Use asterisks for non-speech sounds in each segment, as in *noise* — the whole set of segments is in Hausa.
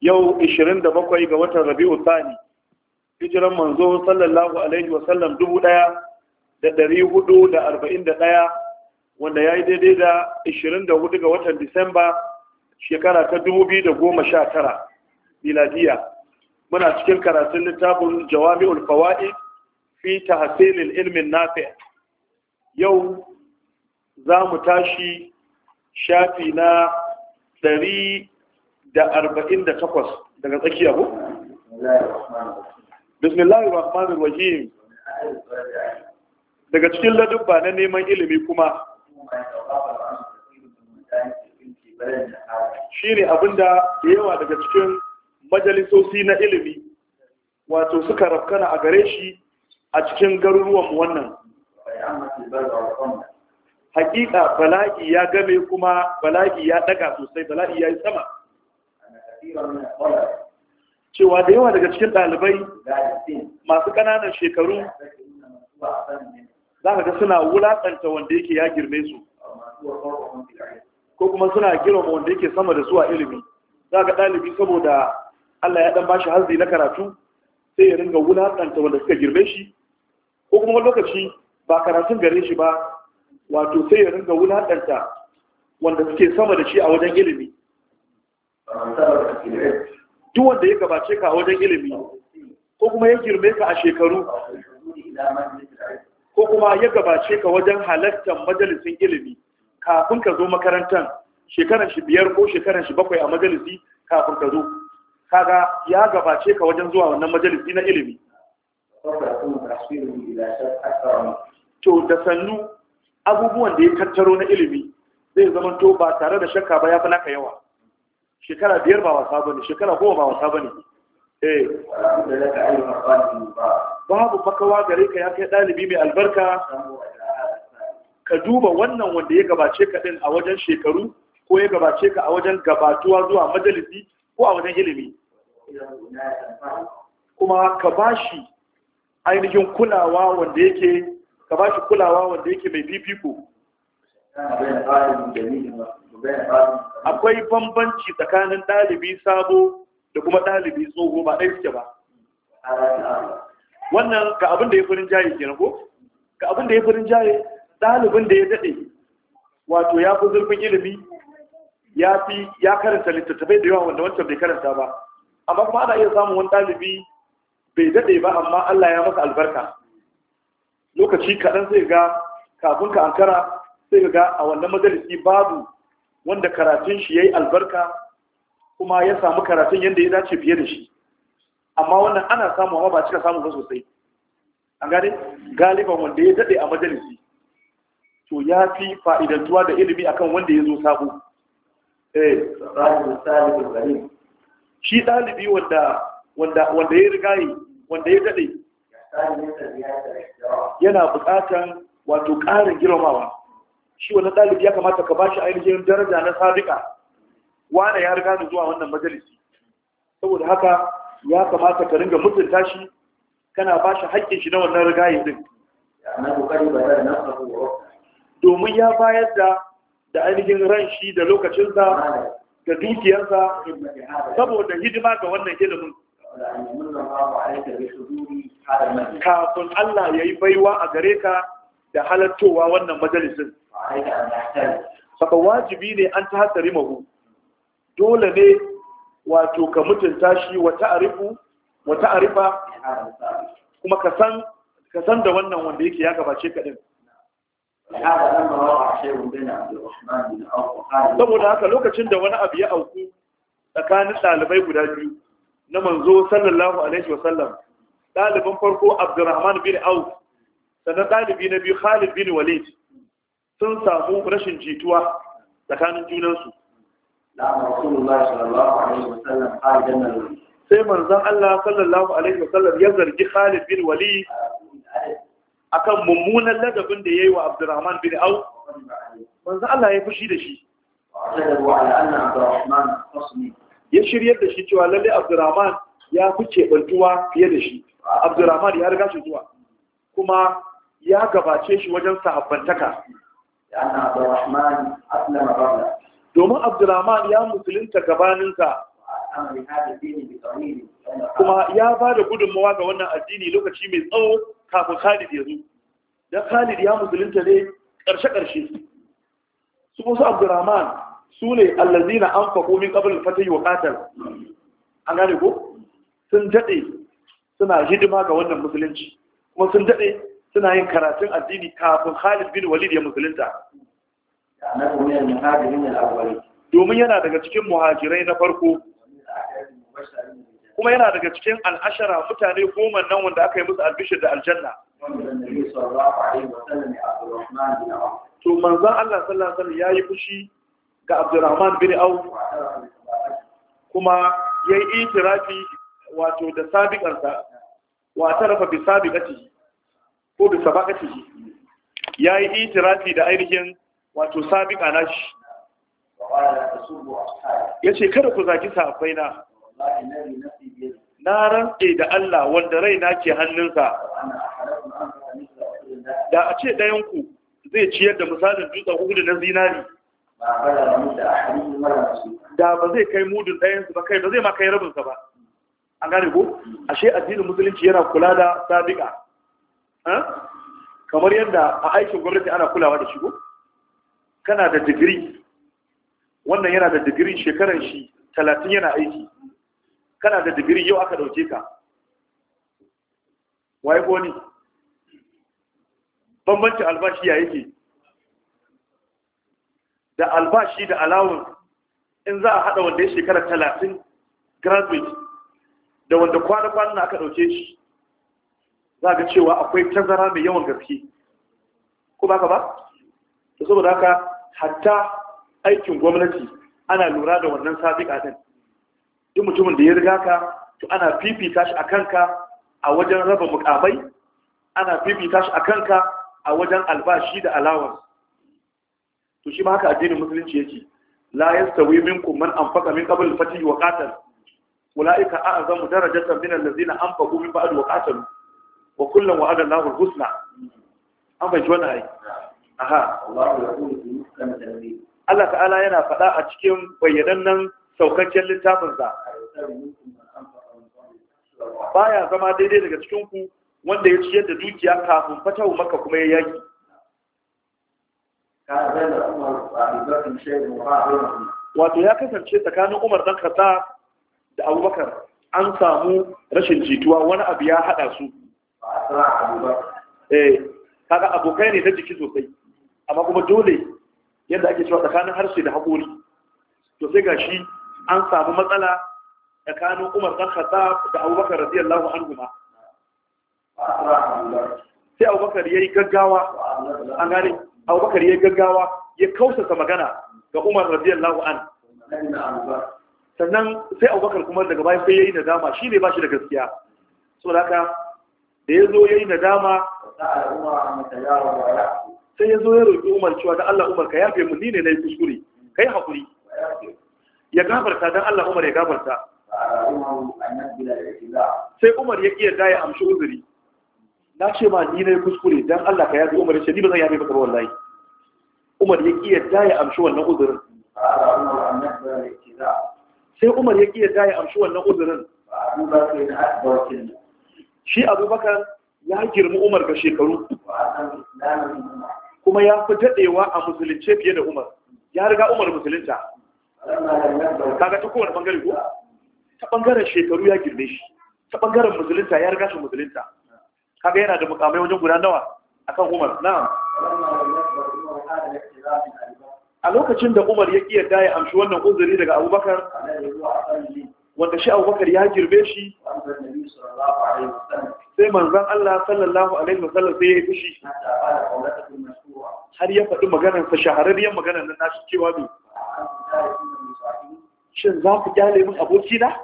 yau 27 ga watan rabi'u thani hijiran manzo sallallahu alaihi wa sallam 1441 wanda ya yi daidai da 24 ga watan disamba shekara ta 2019 miladiya muna cikin karatun littafin jawami'ul fawaid fi tahsilil ilmin nafi' yau za mu tashi shafi na ɗari da arba'in da takwas daga tsakiya ko? bismillahir rahmanir rahim daga cikin ladubba na neman ilimi kuma Shi ne abinda da yawa daga cikin majalisosi na ilimi wato suka rafkana a gare shi a cikin garuruwan wannan hakika bala'i ya game kuma bala'i ya daga sosai bala'i ya yi sama cewa da yawa daga cikin ɗalibai masu ƙananan shekaru za ka ga suna wulaƙanta wanda yake ya girme su ko kuma suna girma wanda yake sama da su a ilimi za ka ɗalibi saboda Allah ya ɗan ba shi hanzari na karatu sai ya ringa wulaƙanta wanda suka girme shi ko kuma wani lokaci ba karatun gare shi ba wato sai ya ringa wulaƙanta wanda suke sama da shi a wajen ilimi duk wanda ya gabace ka wajen ilimi ko kuma ya girme ka a shekaru ko kuma ya gabace ka wajen halartar majalisin ilimi kafin ka zo makarantar shekaran shi biyar ko shekaran shi bakwai a majalisi kafin ka zo kaga ya gabace ka wajen zuwa wannan majalisi na ilimi to da sannu abubuwan da ya tattaro na ilimi zai zama to ba tare da shakka ba ya fi naka yawa shekara biyar ba wasa bane shekara goma ba wasa bane eh. babu makawa gare ka ya kai dalibi mai albarka ka duba wannan wanda ya gabace ka din a wajen shekaru ko ya gabace ka a wajen gabatuwa zuwa majalisi ko a wajen ilimi kuma ka bashi ainihin kulawa wanda yake ka bashi kulawa wanda yake mai fifiko akwai bambanci tsakanin ɗalibi sabo da kuma ɗalibi tsoho ba ɗaya suke ba wannan ga abin da ya furin jaye ke ko ga abin da ya furin jaye ɗalibin da ya daɗe wato ya fi zurfin ilimi ya fi ya karanta littattafai da yawa wanda wancan bai karanta ba amma kuma ana iya samun wani ɗalibi bai daɗe ba amma Allah ya masa albarka lokaci kaɗan sai ga kafin ka ankara sai ga a wannan majalisi babu wanda karatun shi yayi albarka kuma ya samu karatun yadda ya dace fiye da shi amma wannan ana samu amma ba cika samu ba sosai an gane galiban wanda ya dade a majalisi to ya fi fa'idantuwa da ilimi akan wanda ya zo sabo eh shi ɗalibi wanda wanda wanda ya rigaye wanda ya dade yana buƙatan wato ƙarin girmamawa shi wannan dalibi ya kamata ka bashi ainihin daraja na sadiqa wane ya riga da zuwa wannan majalisi saboda haka ya kamata ka ringa mutunta shi kana bashi haƙƙin shi na wannan rigayi din domin ya bayar da da ainihin ran shi da lokacinsa da dukiyarsa saboda hidima ga wannan ilimin kafin Allah ya yi baiwa a gare ka da halattowa wannan majalisin saka wajibi ne an ta hatsari mahu dole ne wato ka mutunta shi wa ta'arifa kuma ka san da wannan wanda yake ya gabace kaɗin saboda haka lokacin da wani abu ya auku tsakanin ɗalibai guda biyu na manzo sallallahu alaihi wasallam ɗaliban farko abdurrahman bin auf sannan ɗalibi na biyu khalid bin walid sun samu rashin jituwa tsakanin junansu sai manzan Allah sallallahu alaihi wasallam ya zargi Khalid bin Wali akan mummunan ladabin da yayi wa Abdurrahman bin Au. manzan Allah ya fushi da shi ya shiryar da shi cewa lalle Abdurrahman ya fice bantuwa fiye da shi Abdurrahman ya riga shi zuwa kuma ya gabace shi wajen sahabbantaka domin abdurrahman ya musulunta gabaninsa kuma ya ba da gudunmawa ga wannan addini lokaci mai tsawo kafin khalid ya zo Don khalid ya musulunta ne ƙarshe-ƙarshe su wasu abdurrahman su ne na an faɓo min ƙabar fatayi wa ƙatar an gane ko sun daɗe suna hidima ga wannan musulunci kuma sun daɗe suna yin karatun addini kafin Khalid bin Walid ya musulunta domin yana daga cikin muhajirai na farko kuma yana daga cikin al'ashara mutane goma nan wanda aka yi musu albishir da aljanna to manzan Allah sallallahu ya yi fushi ga Abdurrahman bin Au. kuma ya yi itirafi wato da sabiƙarsa wata rafa bi ko bi sabaqatihi yayi itirafi da ainihin wato sabiqa nashi yace kada ku zaki sahabbai na na da Allah wanda raina ke hannunsa da a ce ɗayan ku zai ciyar da misalin dutsen uhudu na zinari da ba zai kai mudun ɗayansu ba kai ba zai ma kai rabinsa ba an gane ko ashe addinin musulunci yana kula da sabiqa kamar yadda a aikin gwamnati ana kulawa da shigo? kana da digiri wannan yana da digiri shekaran shi talatin yana aiki kana da digiri yau aka dauke ka waye ko ni bambancin albashi ya yake da albashi da alawun in za a haɗa wanda ya shekara talatin graduate da wanda kwana-kwana aka ɗauke shi za ga cewa akwai tazara mai yawan gaske ko ba ka ba da saboda haka hatta aikin gwamnati ana lura da wannan sabiƙa din duk mutumin da ya riga ka to ana fifita shi a kanka a wajen raba mukamai ana fifita shi a kanka a wajen albashi da alawar to shi ma haka addinin musulunci yake la yastawi minkum man anfaqa min qabl al-fatih wa qatal ulaika a'zamu darajatan min allazina anfaqu min ba'd wa qatalu wa kullum wa adal lahul husna an fahimci wannan ai aha Allah ta'ala yana faɗa a cikin bayyanannen saukakken littafin sa baya zama daidai daga cikin ku wanda ya ciyar da dukiya kafin fatahu maka kuma ya yaki wato ya kasance tsakanin umar dan kasa da abubakar an samu rashin jituwa wani abu ya haɗa su Eh, kaga abokai ne na jiki sosai amma kuma dole yadda ake cewa tsakanin harshe da haƙori to sai gashi an samu matsala tsakanin Umar ɗan kasa da Abubakar radiyallahu anhu ma sai Abubakar ya yi gaggawa an gane Abubakar ya yi gaggawa ya kausasa magana ga Umar radiyallahu anhu sannan sai Abubakar kuma daga bayan sai yi nadama shi ne ba shi da gaskiya saboda haka da ya zo ya yi nadama sai ya zo ya roƙi umar cewa da Allah umar ka yafe mu ni ne na yi kuskure ka yi haƙuri ya gabarta don Allah umar ya gabarta sai umar ya iya daya amshi uzuri na ce ma ni na yi kuskure don Allah ka yafe umar ya ce ni ba zan yafe maka ba wallahi umar ya iya daya amshi wannan uzurin sai umar ya iya daya amshi wannan uzurin shi abubakar ya girma umar ga shekaru kuma ya fi daɗewa a musulunce fiye da umar ya riga umar musulunta kaga ta kowane bangare ko ta bangaren shekaru ya girme shi ta bangaren musulunta ya riga shi musulunta kaga yana da mukamai wajen guda nawa a kan umar na a lokacin da umar ya ƙi da ya amshi wannan uzuri daga abubakar wanda shi abubakar ya girbe shi sai manzan Allah sallallahu alaihi wasallam sai ya yi fushi har ya faɗi maganarsa shahararriyar maganar nan nashi cewa ne shin za ku kyale min abokina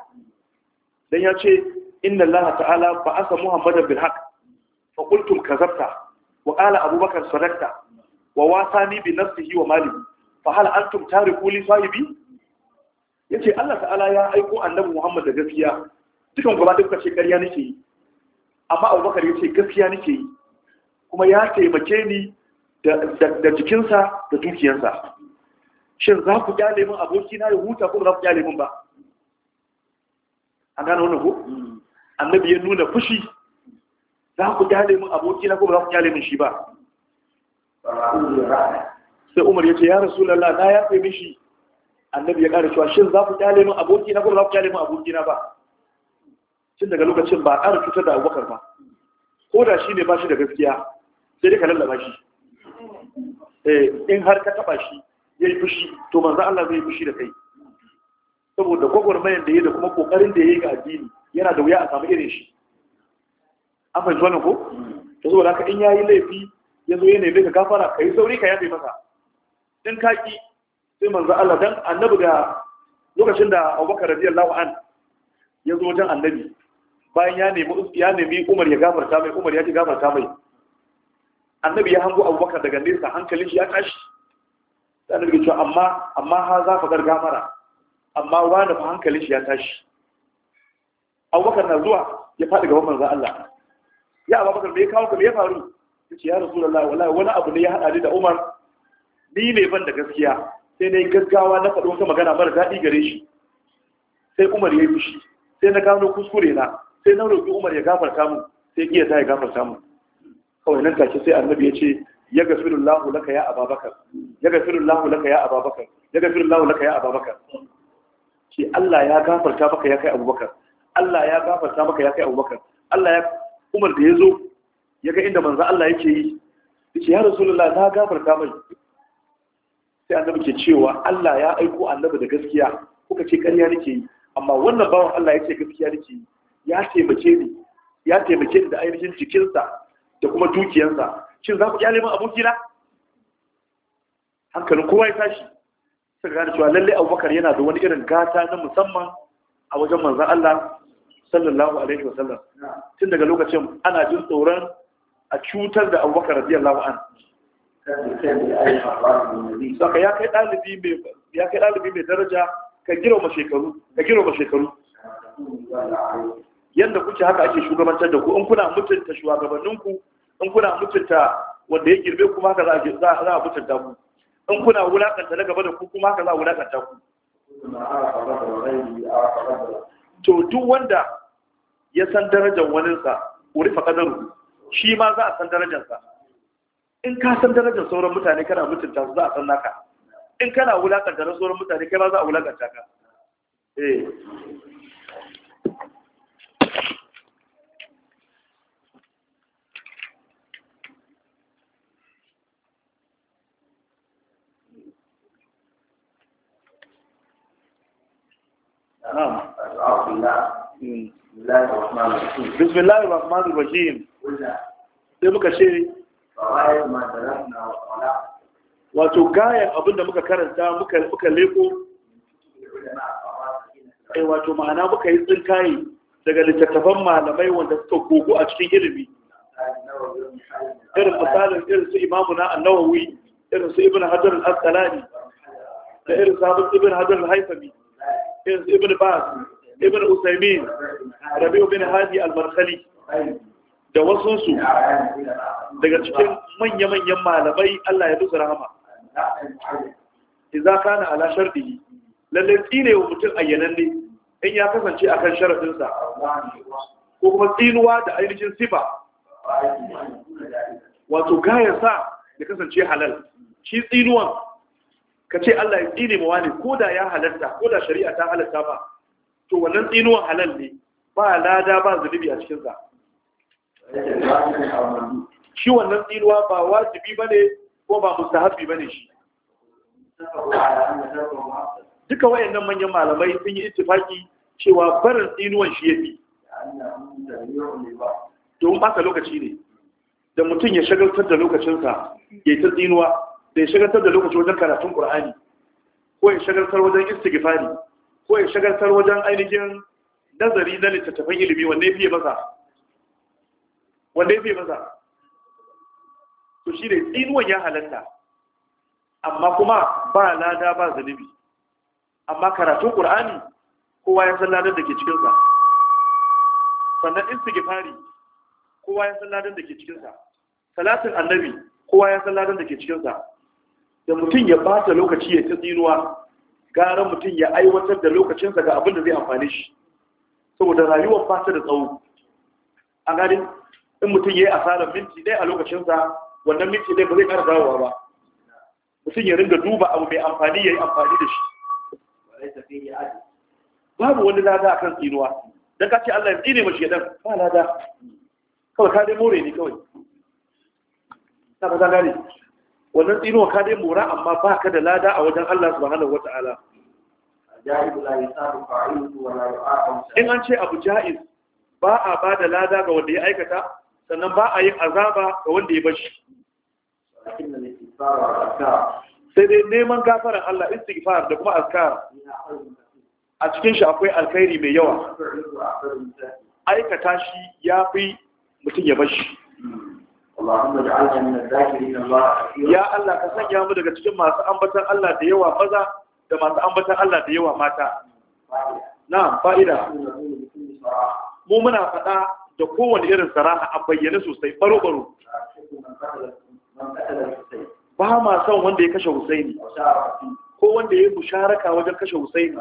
dan ya ce inna Allah ta'ala ba'asa Muhammadan bil haqq fa qultum kazabta wa qala Abubakar sadaqta wa wasani bi nafsihi wa mali fa hal antum tariqu li sahibi yace Allah ta'ala ya aiko annabi Muhammad da gaskiya dukan gaba duka ce ƙarya nake yi amma Abubakar yace gaskiya nake yi kuma ya taimake ni da jikinsa da dukiyarsa shin za ku kyale min aboki na ya huta ko ba za ku kyale min ba an gane wannan ko annabi ya nuna fushi za ku kyale min aboki na ko ba za ku kyale min shi ba sai Umar yace ya rasu na ya tsaye mishi annabi ya ƙara cewa shin za ku kyale min aboki na za ku kyale min aboki na ba shin daga lokacin ba ƙara cutar da abubakar ba ko da shi ne ba shi da gaskiya sai dai ka lallaba shi eh, in har ka taɓa shi ya yi fushi to manzo Allah zai yi fushi da kai saboda gwagwarmayar da ya da kuma ƙoƙarin da ya yi ga addini yana da wuya a samu irin shi an fahimci wannan ko ta saboda haka in ya yi laifi ya zo yanayi ka gafara ka yi sauri ka yafe masa in ka ƙi. sai manzo Allah dan annabi da lokacin da Abubakar radiyallahu an ya zo wajen annabi bayan ya nemi ya nemi Umar ya gafarta mai Umar ya ji gafarta mai annabi ya hango Abubakar daga nesa hankalin shi ya tashi sai annabi ya ce amma amma ha za ka gafara amma wani fa hankalin shi ya tashi Abubakar na zuwa ya faɗi ga manzo Allah ya Abubakar me ya kawo ka me ya faru yace ya Rasulullahi wallahi wani abu ne ya hada ni da Umar ni ne ban da gaskiya sai na yi gaggawa na faɗo wata magana mara daɗi gare shi sai umar ya yi fushi sai na gano kuskure na sai na roƙi umar ya gafarta mu sai iya ta ya gafarta mu kawai nan take sai annabi ya ce ya gafiru lahu laka ya ababakar ya gafiru lahu laka ya ababakar ya gafiru lahu laka ya ababakar ce Allah ya gafarta maka ya kai abubakar Allah ya gafarta maka ya kai abubakar Allah ya umar da ya zo ya ga inda manzo Allah yake yi ce ya rasulullah na gafarta mai sai annabi ke cewa Allah ya aiko annabi da gaskiya kuka ce ƙarya nake yi amma wannan bawan Allah ya ce gaskiya nake yi ya taimake ni ya taimake ni da ainihin jikinsa da kuma dukiyansa shin za ku kyale min abokina hankalin kowa ya tashi suka gane cewa lalle abubakar yana da wani irin gata na musamman a wajen manzan Allah sallallahu alaihi wasallam tun daga lokacin ana jin tsoron a cutar da abubakar radiyallahu an Saka ya kai ɗalibi mai daraja ka girma shekaru, ka shekaru. Yadda kuke haka ake shugabantar da ku, in kuna mutunta shugabanninku, in kuna mutunta wanda ya girbe kuma haka za a mutunta ku. In kuna wulaƙanta na gaba da ku kuma haka za a wulaƙanta ku. To, duk wanda ya san darajar waninsa, wuri kadaru shi ma za a san darajarsa. in ka san darajar sauran mutane kana mutunta su za a san naka in kana wulakanta na sauran mutane kai ma za a wulakanta ka بسم الله الرحمن الرحيم muka ce wato gayan abinda muka karanta muka leko ai eh, wato ma'ana muka yi tsinkaye daga littattafan malamai wanda suka gugu a cikin ilimi irin misalin irin su imamu na annawawi irin su ibn hajjar al-asqalani da irin sabon ibn hajjar al-haifami irin su ibn bas ibn usaimin rabi'u bin hadi al-markhali da su daga cikin manya-manyan malamai Allah ya dusa rahama na kana ala shartihi lalle tsine wa mutum ayyananne in ya kasance akan kan sa ko kuma tsinuwa da ainihin sifa wato gayar sa ya kasance halal shi tsinuwan ka ce Allah ya tsine ma wani ko da ya halatta ko da shari'a ta halatta ba to wannan tsinuwan halal ne ba lada ba zunubi a cikin sa shi wannan tsiruwa ba wajibi ba ne ko ba mustahabi ba ne shi duka wayannan manyan malamai sun yi ittifaki cewa barin tsiruwan shi yafi don ɓata lokaci ne da mutum ya shagaltar da lokacinsa ya yi ta tsiruwa, da ya shagaltar da lokaci wajen karatun ƙur'ani ko ya shagaltar wajen istigifari ko ya shagaltar wajen ainihin nazari na littattafan ilimi wanne fiye maza. wanda ya fi masa to shi ne tsinuwan ya halatta amma kuma ba lada ba zunubi amma karatun ƙur'ani kowa ya san ladar da ke cikinsa sannan istighfari kowa ya san ladar da ke cikinsa salatin annabi kowa ya san ladar da ke cikinsa da mutum ya bata lokaci ya ta tsinuwa gara mutum ya aiwatar da lokacinsa ga abin da zai amfani shi saboda rayuwar fata da tsawo a gani in mutum ya yi asarar minti ɗaya a lokacinsa wannan minti ɗaya ba zai ƙara dawowa ba mutum ya ringa duba abu mai amfani ya yi amfani da shi babu wani lada a kan tsinuwa don ka ce Allah ya tsine mashi yadda ba lada kawai ka dai more ne kawai ta ba ta gane wannan tsinuwa ka dai mora amma ba ka da lada a wajen Allah subhanahu wa ta'ala in an ce abu ja'iz ba a ba da lada ga wanda ya aikata sannan ba a yi azaba ga wanda ya bashi sai dai neman gafarar Allah istighfar da kuma azkar a cikin shi akwai alkhairi mai yawa aikata shi ya fi mutum ya bashi ya Allah ka sanya mu daga cikin masu ambatan Allah da yawa maza da masu ambatan Allah da yawa mata na'am fa'ida mu muna faɗa da kowane irin saraha a bayyane sosai baro-baro ba ma son wanda ya kashe husaini ko wanda ya yi musharaka wajen kashe husaini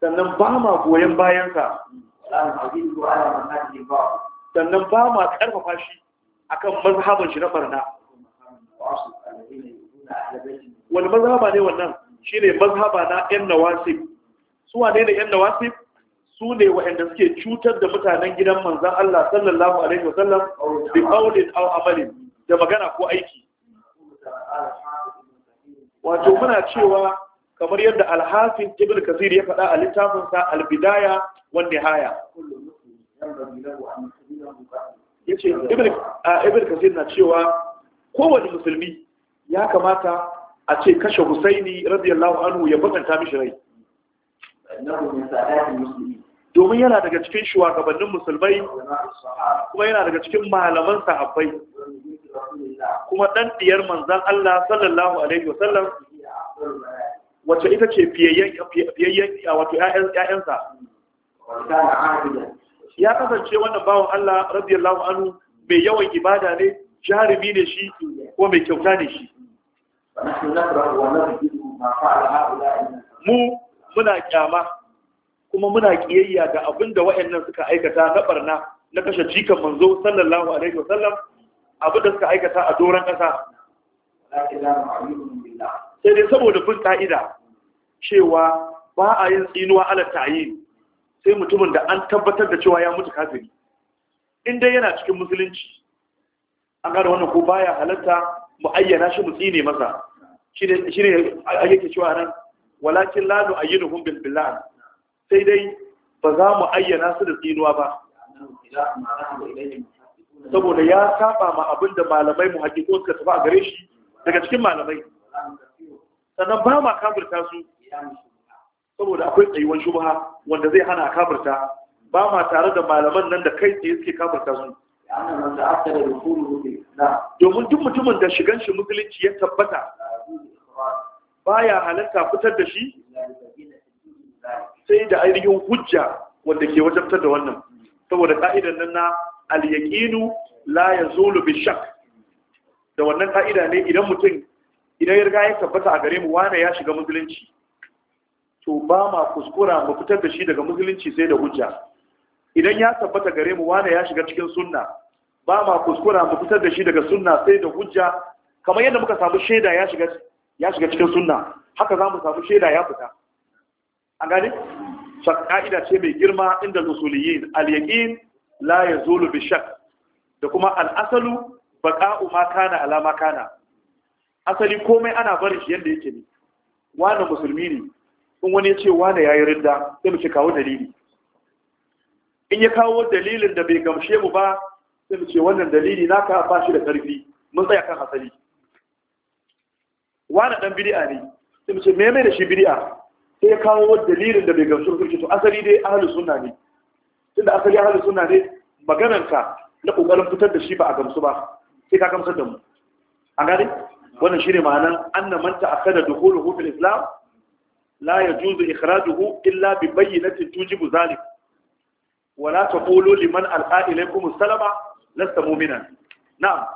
sannan ba ma goyon bayansa sannan ba ma karfafa shi a kan mazhaban shi na farna wani mazhaba ne wannan Shi ne mazhaba na yan nawasif suwa ne da yan nawasif? su ne waɗanda suke cutar da mutanen gidan manzan Allah sallallahu alaihi wasallam da al’amalin da magana ko aiki wato muna cewa kamar yadda alhafin Ibn ya faɗa a littafin albidaya al-Bidaya Ibn na cewa kowane musulmi ya kamata a ce kashe Husaini radiyallahu anhu ya bakanta mishi rai domin yana daga cikin shugabannin musulmai kuma yana daga cikin malaman sahabbai kuma dan diyar manzan Allah sallallahu alaihi wasallam wacce ita ce fiyayyen wato ƴaƴansa ya kasance wannan bawan Allah radiyallahu anhu mai yawan ibada ne jarumi ne shi ko mai kyauta ne shi mu muna kyama kuma muna kiyayya da abin da wayannan suka aikata na barna na kashe jikan manzo sallallahu alaihi wasallam abin da suka aikata a doron kasa sai dai saboda bin ka'ida cewa ba a yin tsinuwa ala tayi sai mutumin da an tabbatar da cewa ya mutu kafiri in dai yana cikin musulunci an gane wannan ko baya halatta mu ayyana shi mu tsine masa shine shine ake cewa nan walakin la nu'ayyiduhum bil billah sai dai ba za mu ayyana su da tsinuwa ba saboda ya saba ma abin da malamai mu hakiko suka tafi a gare shi daga cikin malamai sannan ba ma kafirta su saboda akwai tsayuwan shubha wanda zai hana kafirta ba ma tare da malaman nan da kai tsaye suke kafirta su domin duk mutumin da shigan shi musulunci ya tabbata baya halatta fitar da shi sai da ainihin hujja wanda ke wajabtar da wannan saboda ka'idan nan na al-yaqinu la yazulu bi shakk da wannan ka'ida ne idan mutum idan ya riga ya tabbata a gare mu wane ya shiga musulunci to ba ma kuskura mu fitar da shi daga musulunci sai da hujja idan ya tabbata gare mu wane ya shiga cikin sunna ba ma kuskura mu fitar da shi daga sunna sai da hujja kamar yadda muka samu shaida ya shiga ya shiga cikin sunna haka za mu samu shaida ya fita an gane shak ka'ida ce mai girma inda usuliyin al-yaqin la yazulu bi shak da kuma al-asalu baqa'u ma kana ala ma kana asali komai ana barin shi yadda yake ne wani musulmi ne in wani ya ce wani ya yi rinda sai mu ce kawo dalili in ya kawo dalilin da bai gamshe mu ba sai mu ce wannan dalili naka ba shi da karfi mun tsaya kan asali wani dan bid'a ne sai mu ce me mai da shi bid'a sai kawo dalilin da bai gamsu da to asali dai ahalu sunna ne da asali ahalu sunna ne maganarka na kokarin fitar da shi ba a gamsu ba sai ka gamsar da mu an gane wannan shine ma'anar anna man ta'akkada dukhuluhu fil islam la yajuzu ikhrajuhu illa bi bayyinatin tujibu zalik wa la taqulu liman alqa ilaykum salama lasta mu'mina na'am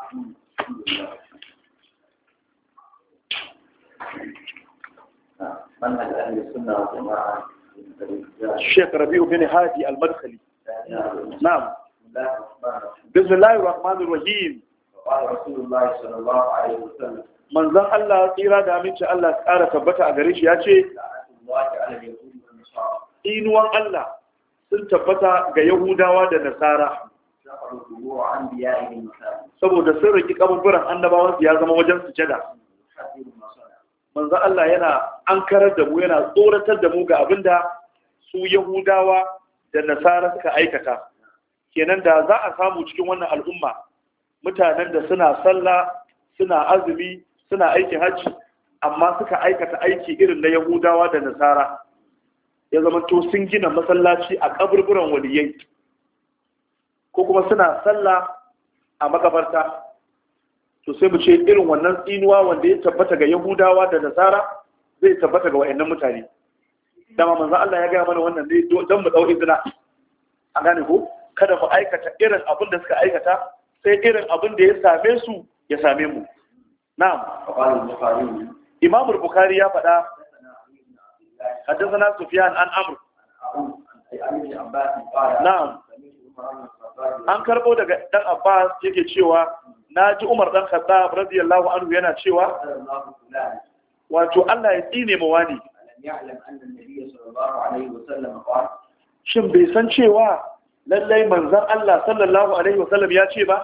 منهج rabi'u السنة hadi الشيخ ربيع بن هادي المدخلي نعم بسم الله الرحمن الرحيم tsira da aminci Allah ƙara tabbata a gare shi ya ce inuwan Allah sun tabbata ga Yahudawa da Nasara saboda sun riki kaburburan annabawansu ya zama wajen sujada manzo Allah yana ankarar da mu yana tsoratar da mu ga abinda su Yahudawa da Nasara suka aikata kenan da za a samu cikin wannan al'umma mutanen da suna sallah suna azumi suna aikin hajji amma suka aikata aiki irin na Yahudawa da Nasara ya zama to sun gina masallaci a kaburburan waliyai ko kuma suna sallah a makabarta to sai mu ce irin wannan tsinuwa wanda ya tabbata ga yahudawa da nasara zai tabbata ga wa'annan mutane dama manzo Allah ya gaya mana wannan ne don mu dau izina a gane ko kada mu aikata irin abin da suka aikata sai irin abin da ya same su ya same mu na'am imam bukhari ya faɗa حدثنا sufyan an عمرو Na'am, an karbo daga dan abbas yake cewa na ji umar dan khattab radiyallahu anhu yana cewa wato Allah ya tsine ma wani shin bai san cewa lallai manzan Allah sallallahu alaihi wasallam ya ce ba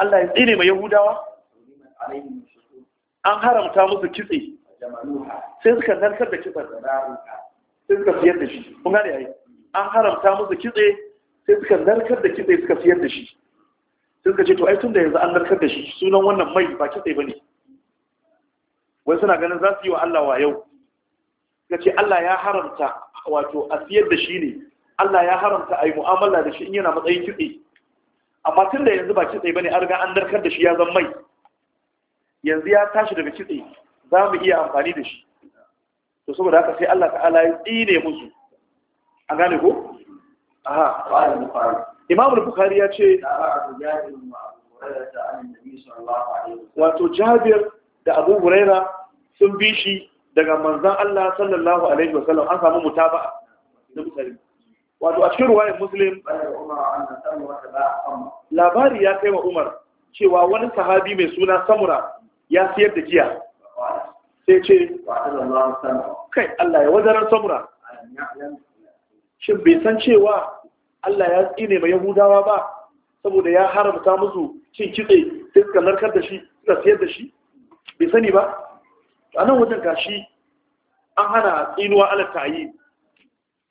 Allah ya tsine ma yahudawa an haramta musu kitse sai suka narkar da sai suka da shi kun gane yayi an haramta musu kitse sai suka narkar da kitse suka siyar da shi suka ce to ai tun da yanzu an narkar da shi sunan wannan mai ba kitse ba ne wai suna ganin za su yi wa Allah wa yau suka ce Allah ya haramta wato a siyar da shi ne Allah ya haramta a yi mu'amala da shi in yana matsayin kitse amma tun da yanzu ba kitse ba ne an riga an narkar da shi ya zan mai yanzu ya tashi daga kitse za mu iya amfani da shi to saboda haka sai Allah ta'ala ya tsine musu an gane ko aha ba imam bukhari ya ce wato jabir da abu huraira sun bi shi daga manzan Allah sallallahu alaihi wasallam an samu mutaba na bukhari wato a cikin ruwayar muslim labari ya kai wa umar cewa wani sahabi mai suna samura ya siyar da giya sai ce kai Allah ya wazarar samura shin bai san cewa Allah ya tsine mai Yahudawa ba saboda ya haramta musu cin kitse sai suka narkar da shi suka siyar da shi bai sani ba a nan wajen gashi an hana tsinuwa ala tayi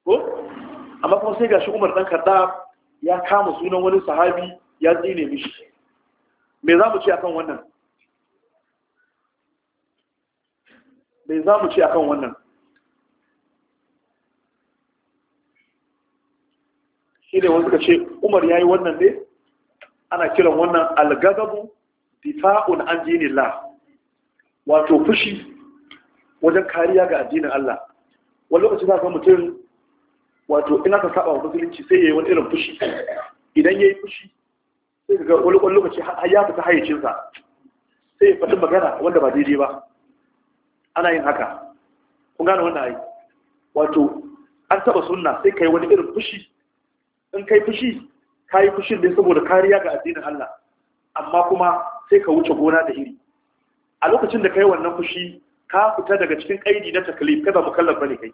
ko amma kuma sai gashi Umar dan Kaddaf ya kama sunan wani sahabi ya tsine mishi me za mu ci akan wannan me za mu ci akan wannan shi ne wasu ce umar ya yi wannan ne ana kiran wannan algagabu difa'un an dini la wato fushi wajen kariya ga addinin Allah wani lokaci za ka mutum wato ina ka saba wa musulunci sai ya yi wani irin fushi idan ya yi fushi sai ga wani lokaci ya fita hayyacinsa sai ya faɗi magana wanda ba daidai ba ana yin haka kun gane wannan ai wato an taba sunna sai kai wani irin fushi in kai fushi ka yi fushi ne saboda kariya ga addinin Allah amma kuma sai ka wuce gona da iri a lokacin da yi wannan fushi ka fita daga cikin kaidi na taklif kada mukallaf bane kai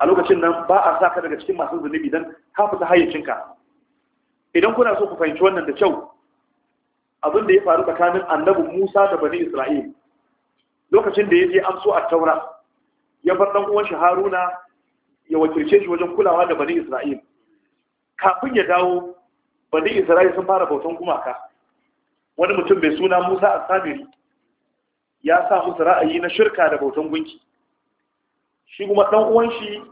a lokacin nan ba a sa ka daga cikin masu zunubi dan ka fita hayyacinka idan kuna so ku fahimci wannan da kyau abin da ya faru tsakanin annabi Musa da bani Isra'il lokacin da ya je amso a taura ya bar dan uwan shi Haruna ya wakilce shi wajen kulawa da bani Isra'il kafin ya dawo bani isra'ila sun fara bautan gumaka wani mutum bai suna musa a samiri ya sa musu ra'ayi na shirka da bautan gunki shi kuma ɗan uwan shi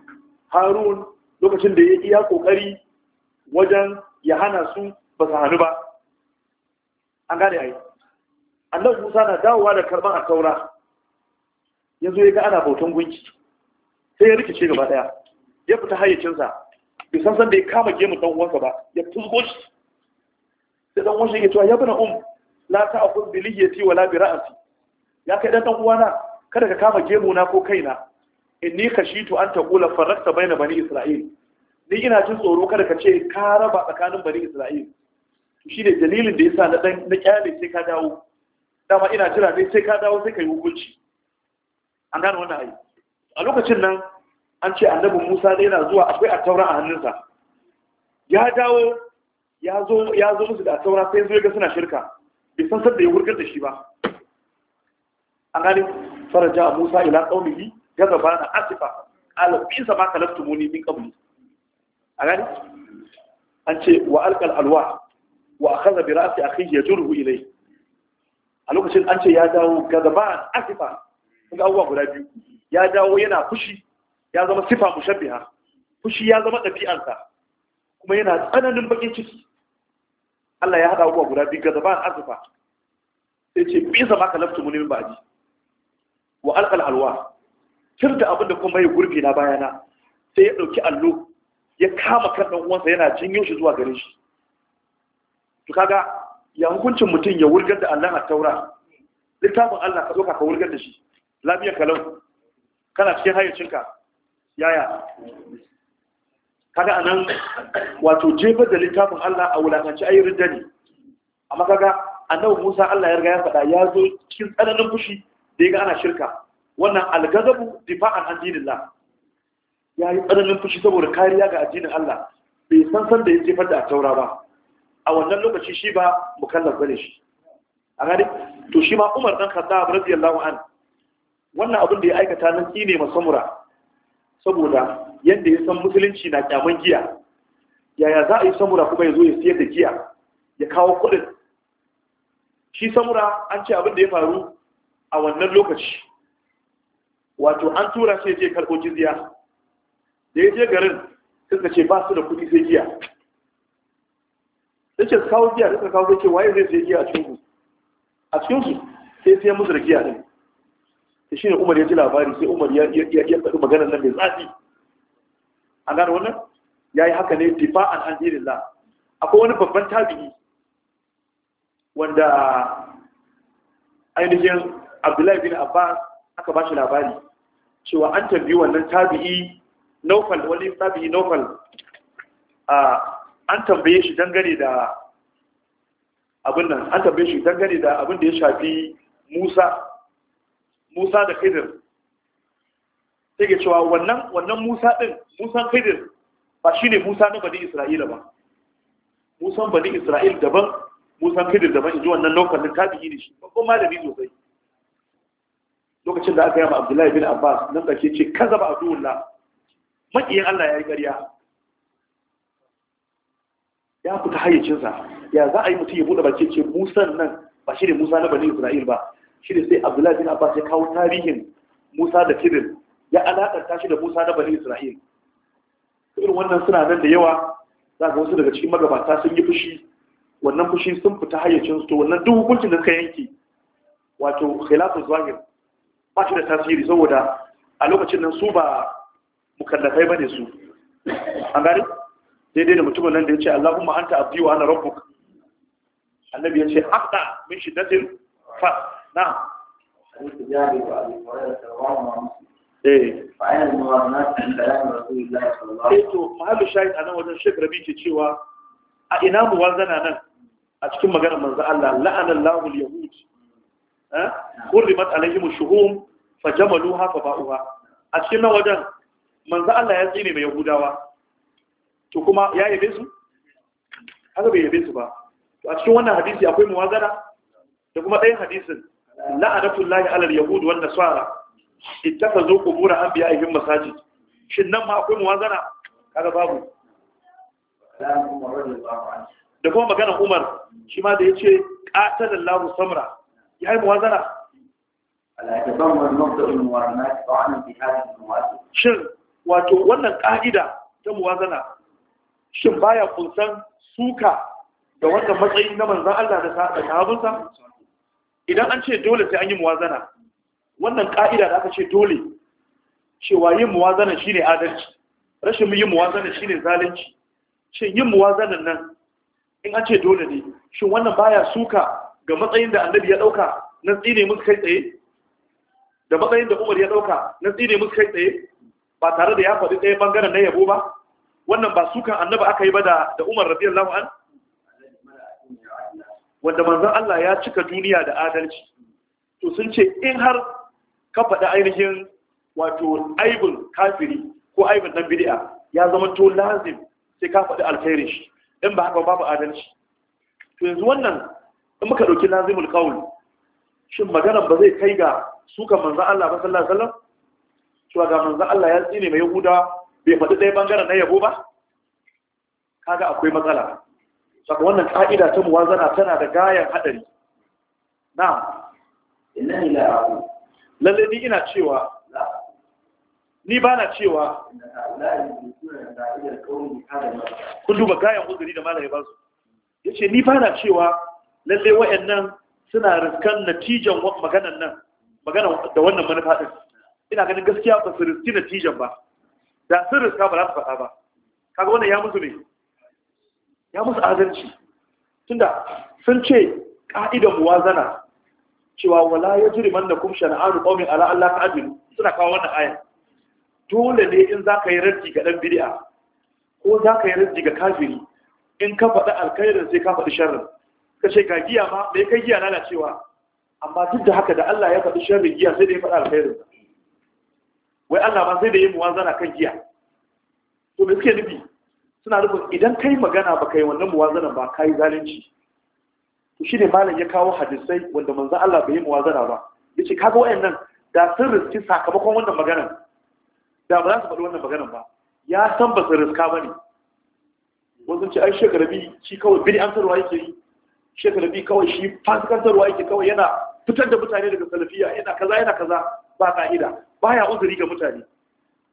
harun lokacin da ya iya ƙoƙari wajen ya hana su ba su hannu ba an gane ai annabi musa na dawowa da karban a taura ya zo ya ga ana bautan gunki sai ya rikice gaba ɗaya ya fita hayyacinsa bai san san da ya kama gemu dan uwansa ba ya tuzgo shi sai dan uwansa yake cewa ya bana um la ta'khudh bi lihiyati wa la bi ra'si ya kai dan uwana kada ka kama gemu na ko kaina inni kashitu an taqula farakta baina bani isra'il ni ina jin tsoro kada ka ce ka raba tsakanin bani isra'il to shine dalilin da yasa na dan na kyale sai ka dawo dama ina jira ne sai ka dawo sai kai hukunci an gane wannan ayi a lokacin nan an ce annabi musa da yana zuwa akwai a taura a hannunsa ya dawo ya zo ya zo musu da taura sai zo ga suna shirka bai san sadda ya wurgar da shi ba an gani faraja musa ila qaumihi gaza bana asifa qala bisa ma kalaftumuni min qabli an gani an ce wa alqal alwa wa akhadha bi ra'si akhihi yajruhu ilayhi a lokacin an ce ya dawo gaza bana asifa ga abubuwa guda biyu ya dawo yana fushi ya zama sifa mushabbiha fushi ya zama ɗabi'arsa kuma yana tsananin bakin ciki Allah ya hada abubuwa guda biyu gazaban arzufa sai ce bi zama ka lafta muni baji wa alƙal Alwa, tir da abin da kuma ya gurbi na bayana sai ya ɗauki allo ya kama kan ɗan uwansa yana jinyo shi zuwa gare shi to kaga ya hukuncin mutum ya wurgar da Allah a taura littafin Allah ka zo ka wurgar da shi lafiyar kalau kana cikin hayyacinka yaya kada anan wato jefar da littafin Allah a wulakanci ayi ridda ne amma kaga annabi Musa Allah ya riga ya faɗa ya zo cikin tsananin fushi da yaga ana shirka wannan algazabu difa'an an ya yi tsananin fushi saboda kariya ga addinin Allah bai san san da ya jefar da taura ba a wannan lokaci shi ba mukallaf bane shi a gani to shi ma Umar dan Khattab radiyallahu an wannan abin da ya aikata nan tsine masamura saboda yadda ya san musulunci na kyaman giya yaya za a yi samura kuma ya zo ya siyar da giya ya kawo kuɗin shi samura an ce abin da ya faru a wannan lokaci wato an tura shi je karɓo jizya da ya je garin suka ce ba su da kudi sai giya da ce kawo giya da suka kawo zai ce waye zai sai giya a cikin a cikinsu sai sai musu da giya ne shi ne umar ya ji labari sai umar ya faɗi maganar nan mai zafi A gane wannan ya yi haka ne difa'an an la akwai wani babban tabi'i wanda ainihin abdullahi bin abbas aka ba shi labari cewa an tambi wannan tabi'i naufal wani tabi'i naufal an tambaye shi dangane da abin nan an tambaye shi dangane da abin da ya shafi musa Musa da Khidir take cewa wannan wannan Musa din Musa Khidir ba shine Musa na Bani Isra'ila ba Musa Bani Isra'il daban Musa Khidir daban inji wannan lokacin tabi'i ne shi ko malami sai lokacin da aka yi ma Abdullahi bin Abbas nan da ke ce kaza ba Abdullah makiyin Allah ya yi ƙarya ya fita hayyacinsa ya za a yi mutum ya buɗe bakin ce Musa nan ba shi ne Musa na Bani Isra'il ba shi ne sai abdullahi bin abbas ya kawo tarihin musa da kirin ya alakanta shi da musa da bani isra'il irin wannan suna nan da yawa za ga wasu daga cikin magabata sun yi fushi wannan fushi sun fita hayyacin su wannan duk hukuncin da suka yanke wato khilafu zahir ba shi da tasiri saboda a lokacin nan su ba mukallafai bane su an gani daidai da mutumin nan da ya ce Allahumma anta abdi wa ana rabbuk annabi ya ce aqta min shiddatin fa نعم حديث جابر وابي هريره رواه مسلم eh to mahallu shahid anan wajen shek rabi ke cewa a ina mu wanzana nan a cikin maganar manzo Allah la'anan lahul yahud eh hurrimat alaihim shuhum fajamaluha faba'uha a cikin nan Allah ya tsine mai to kuma ya su haka bai yabe su ba to a cikin wannan hadisi akwai muwazana da kuma ɗayan hadisin Yahudu, la'anatullahi alal yahud wan nasara ittakhadhu qubur anbiya'ihim masajid shin nan ma akwai muwazana kaga babu da kuma maganar Umar shi ma da ya ce yace qatalallahu samra ya yi muwazana shin wato wannan ƙa'ida ta muwazana shin baya kunsan suka da wannan matsayin na manzan Allah da sahabinsa idan an ce dole sai an yi muwazana wannan ka'ida da aka ce dole cewa yin muwazana shine adalci rashin yin muwazana shine zalunci shin yin muwazana nan in an ce dole ne shin wannan baya suka ga matsayin da annabi ya dauka na tsine musu kai tsaye da matsayin da umar ya dauka na tsine musu kai tsaye ba tare da ya faɗi ɗaya bangaren na yabo ba wannan ba sukan annabi aka yi ba da umar radiyallahu anhu wanda manzon Allah ya cika duniya da adalci to sun ce in har ka faɗi ainihin wato aibin kafiri ko aibin dan ya zama to lazim sai ka faɗi alkhairin shi in ba haka babu adalci to yanzu wannan in muka ɗauki lazimul qaul shin maganar ba zai kai ga sukan manzon Allah ba sallallahu alaihi wasallam cewa ga manzon Allah ya tsine mai yahuda bai faɗi ɗaya bangaren na yabo ba kaga akwai matsala saka wannan ka'ida ta muwazana tana da gayan hadari Na lalle ni ina cewa ni ba na cewa kun duba gayan uzuri da malaye ba su ya ce ni ba na cewa lalle wa'annan suna riskan natijan maganan nan magana da wannan manufa ɗin ina ganin gaskiya ba su riski natijan ba da sun riska ba za su faɗa ba kaga wannan ya musu ne ya musu adalci tunda sun ce ƙa'idan muwazana cewa wala ya jiri man da kuma shana'anu ƙaumin ala Allah ta suna kawo wannan ayan dole ne in za ka yi raddi ga ɗan bid'a ko za ka yi raddi ga kafiri in ka faɗi alkhairin sai ka faɗi sharrin ka ce ga giya ma mai kai giya lalacewa amma duk da haka da Allah ya faɗi sharrin giya sai da ya faɗi alkhairin wai Allah ma sai da ya muwazana kan giya to me suke nufi suna nufin idan kai magana ba kai wannan muwazana ba ka yi zalunci shi ne malam ya kawo hadisai wanda manzan Allah bai yi muwazana ba ya ce kaga wayannan da sun riski sakamakon wannan maganan da ba za su faɗi wannan maganan ba ya san ba su riska ba ne wasu ce ai shekarabi shi kawai an sarwa yake yi shekarabi kawai shi sarwa yake kawai yana fitar da mutane daga salafiya yana kaza yana kaza ba ka'ida baya uzuri ga mutane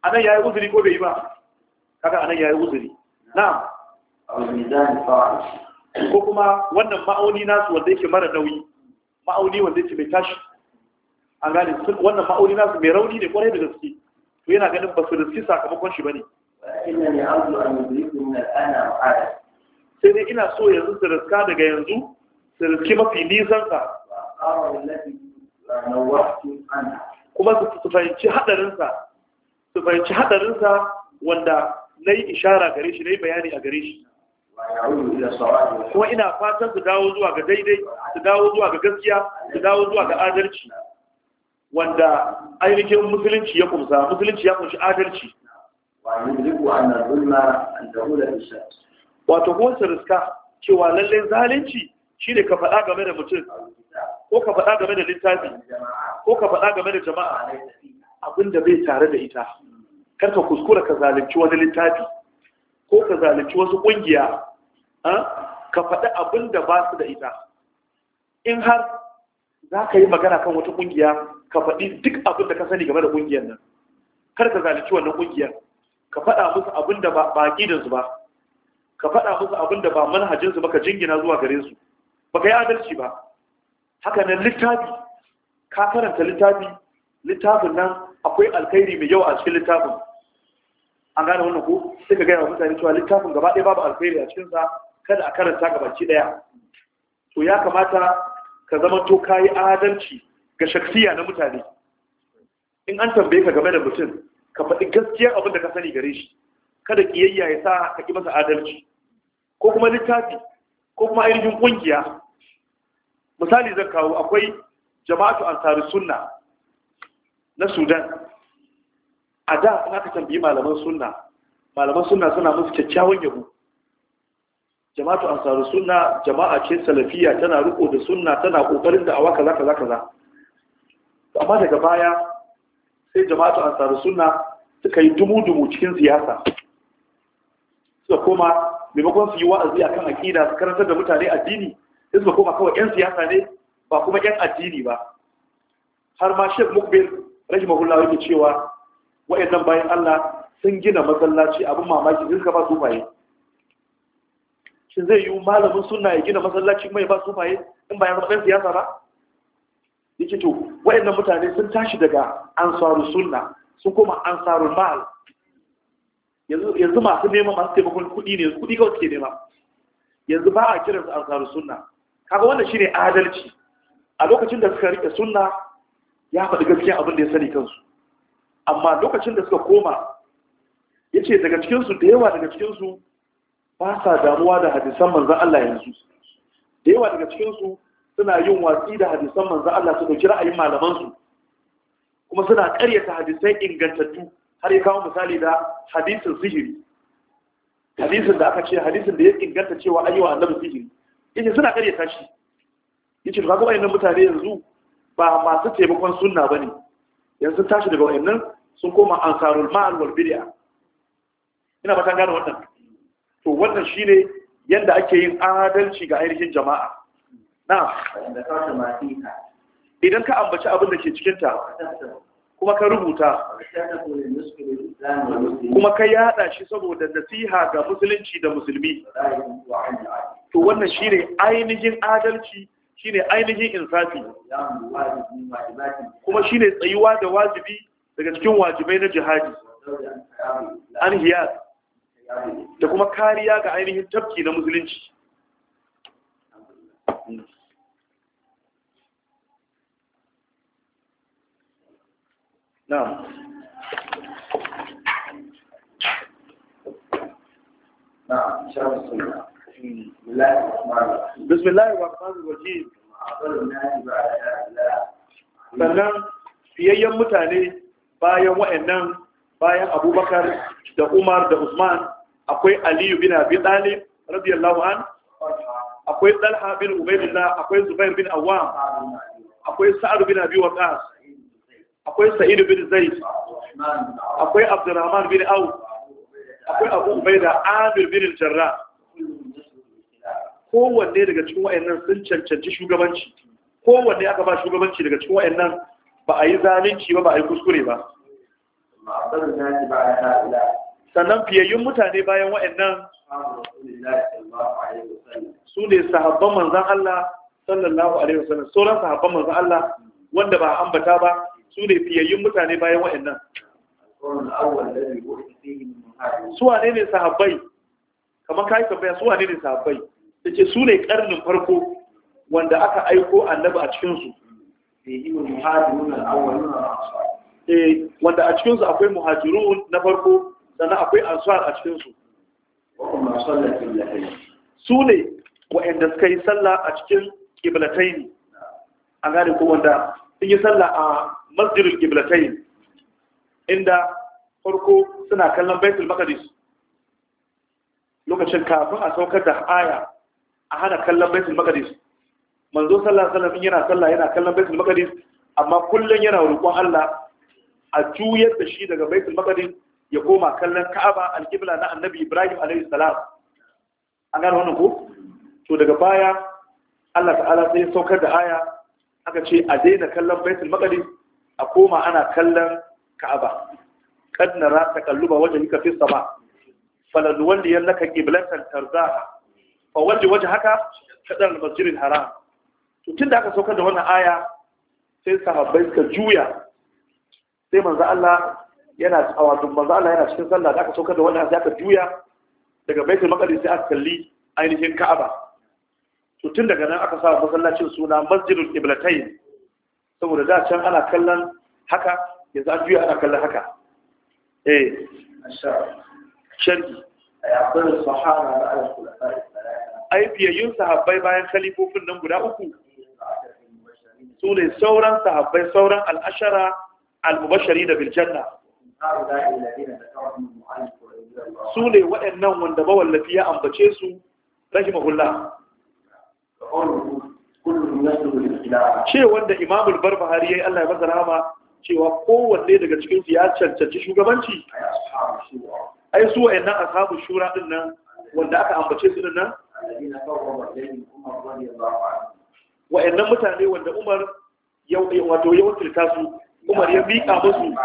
anan yayi uzuri ko bai yi ba kaga anan yayi uzuri na'am al-mizan fa'ish ko kuma wannan ma'auni nasu wanda yake mara nauyi ma'auni wanda yake mai tashi an gani, wannan ma'auni nasu mai rauni ne kwarai da gaske to yana ganin ba su riski sakamakon shi bane sai dai ina so yanzu su riska daga yanzu su riski mafi nisan sa kuma su fahimci hadarin sa su fahimci hadarin sa wanda na yi ishara gare shi na yi bayani a gare shi kuma ina fatan su dawo zuwa ga daidai su dawo zuwa ga gaskiya su dawo zuwa ga adalci wanda ainihin musulunci ya kumsa musulunci ya kunshi adalci wato kuma su riska cewa lallai zalunci shi ne ka faɗa game da mutum ko ka faɗa game da littafi ko ka faɗa game da jama'a abinda bai tare da ita kar ka kuskura ka zalunci wani littafi ko ka zalunci wasu kungiya ka faɗi abin da ba su da ita in har za ka yi magana kan wata kungiya ka faɗi duk abin da ka sani game da kungiyar nan kar zalunci wannan kungiyar ka faɗa musu abin da ba aƙidansu ba ka faɗa musu abin da ba manhajinsu ba ka jingina zuwa gare su ba ka yi adalci ba haka nan littafi ka karanta littafi littafin nan akwai alkhairi mai yawa a cikin littafin an gane wannan ko sai ka gaya wa mutane cewa littafin gaba ɗaya babu alkhairi a cikinsa kada a karanta ga gabaci ɗaya to ya kamata ka zama to ka yi adalci ga shaksiya na mutane in an tambaye ka game da mutum ka faɗi gaskiyar abin da ka sani gare shi kada ƙiyayya ya sa ka ƙi masa adalci ko kuma littafi ko kuma ainihin ƙungiya misali zan kawo akwai jama'atu ansari sunna na sudan a da kuma aka tambayi malaman sunna malaman sunna suna musu kyakkyawan yabo jama'atu ansaru sunna jama'a ce salafiya tana riko da sunna tana kokarin da awaka kaza kaza za amma daga baya sai jama'atu ansaru sunna suka yi dumu dumu cikin siyasa suka koma maimakon su yi wa'azi akan akida su karantar da mutane addini sai suka koma kawai yan siyasa ne ba kuma yan addini ba har ma shek mukbil rahimahullah yake cewa wayannan bayan Allah sun gina masallaci abin mamaki din ka ba su faye shin zai yi malamin suna ya gina masallaci mai ba su faye in ba ya zama ɗan siyasa ba yake to wayannan mutane sun tashi daga ansaru suna, sun koma ansaru mal yanzu masu neman masu taimakon kuɗi ne kuɗi kawai suke nema yanzu ba a kiransu ansaru suna. kaga wannan shine adalci a lokacin da suka rike suna ya faɗi gaskiya abin da ya sani kansu amma lokacin da suka koma ya ce daga cikinsu da yawa daga cikinsu ba sa damuwa da hadisan manzan Allah yanzu da yawa daga cikinsu suna yin watsi da hadisan manzan Allah su dauki ra'ayin malamansu kuma suna karyata hadisai ingantattu har ya kawo misali da hadisin sihiri hadisin da aka ce hadisin da ya inganta cewa an yi wa annabi sihiri yake suna karyata shi yace ba kuma yanzu mutane yanzu ba masu taimakon sunna ne. yanzu tashi daga wayannan sun koma ansarul ma'al wal bid'a ina ba ta gane wannan to wannan shine yadda ake yin adalci ga ainihin jama'a na idan ka ambaci abin da ke cikinta kuma ka rubuta kuma ka yada shi saboda nasiha ga musulunci da musulmi to wannan shine ainihin adalci shine ainihin insafi kuma shine tsayuwa da wajibi daga cikin wajibai na jihadi an hiyar da kuma kariya ga ainihin tafki na musulunci na'am na'am sannan fiyayyen mutane bayan wa'annan bayan abubakar da umar da usman akwai aliyu bin abi talib radiyallahu an akwai talha bin UbaidulLah, akwai zubair bin awam akwai sa'ad bin abi waqas akwai sa'id bin zaid akwai abdurrahman bin Aw, akwai abu ubaida amir bin jarra kowanne daga cikin wa'annan sun cancanci shugabanci kowanne aka ba shugabanci daga cikin wa'annan ba a yi zalunci ba ba a yi kuskure ba sannan fiyayyun mutane bayan wa'annan su ne sahabban manzan Allah sallallahu alaihi wasallam sauran sahabban manzan Allah wanda ba ambata ba su ne fiyayyun mutane bayan wa'annan su wane ne sahabbai kamar kai tambaya su wane ne sahabbai da ce su ne karnin farko wanda aka aiko annabi a cikinsu Eh, wanda a cikinsu akwai muhajiru na farko sannan akwai ansuwar a cikinsu su ne wa'anda suka yi sallah a cikin ƙiblatai ne a gane ko wanda sun yi sallah a masjirin ƙiblatai inda farko suna kallon baitul makadis lokacin kafin a saukar da aya a hana kallon baitul makadis manzo sallallahu alaihi wasallam yana sallah yana kallon baitul maqdis amma kullun yana roƙon Allah a juyar da shi daga baitul maqdis ya koma kallon Ka'aba al-Qibla na Annabi Ibrahim alaihi salam an gano wannan ko to daga baya Allah ta'ala sai saukar da aya aka ce a daina kallon baitul maqdis a koma ana kallon Ka'aba kad nara taqalluba wajhika fi sama falalwalliyannaka qiblatan tarzaha fawajji wajhaka shadar masjidil haram tun da aka saukar da wannan aya sai sahabbai suka juya sai manzo Allah yana a wato manzo Allah yana cikin sallah da aka saukar da wannan sai aka juya daga baitul maqdis sai aka kalli ainihin Ka'aba to tun daga nan aka sa masallacin suna Masjidul Qiblatayn saboda da can ana kallon haka yanzu an juya ana kallon haka eh sharhi ai biyayyun sahabbai bayan khalifofin nan guda uku su ne sauran sahabbai sauran al'ashara al-mubashari da biljanna su ne waɗannan wanda mawallafi ya ambace su rahimahullah ce wanda imamul barbahari ya yi Allah ya masa rahama cewa kowanne daga cikinsu ya cancanci shugabanci ai su wa'annan ashabu shura din nan wanda aka ambace su din nan wa'annan mutane wanda Umar wato ya wakilta su Umar ya miƙa musu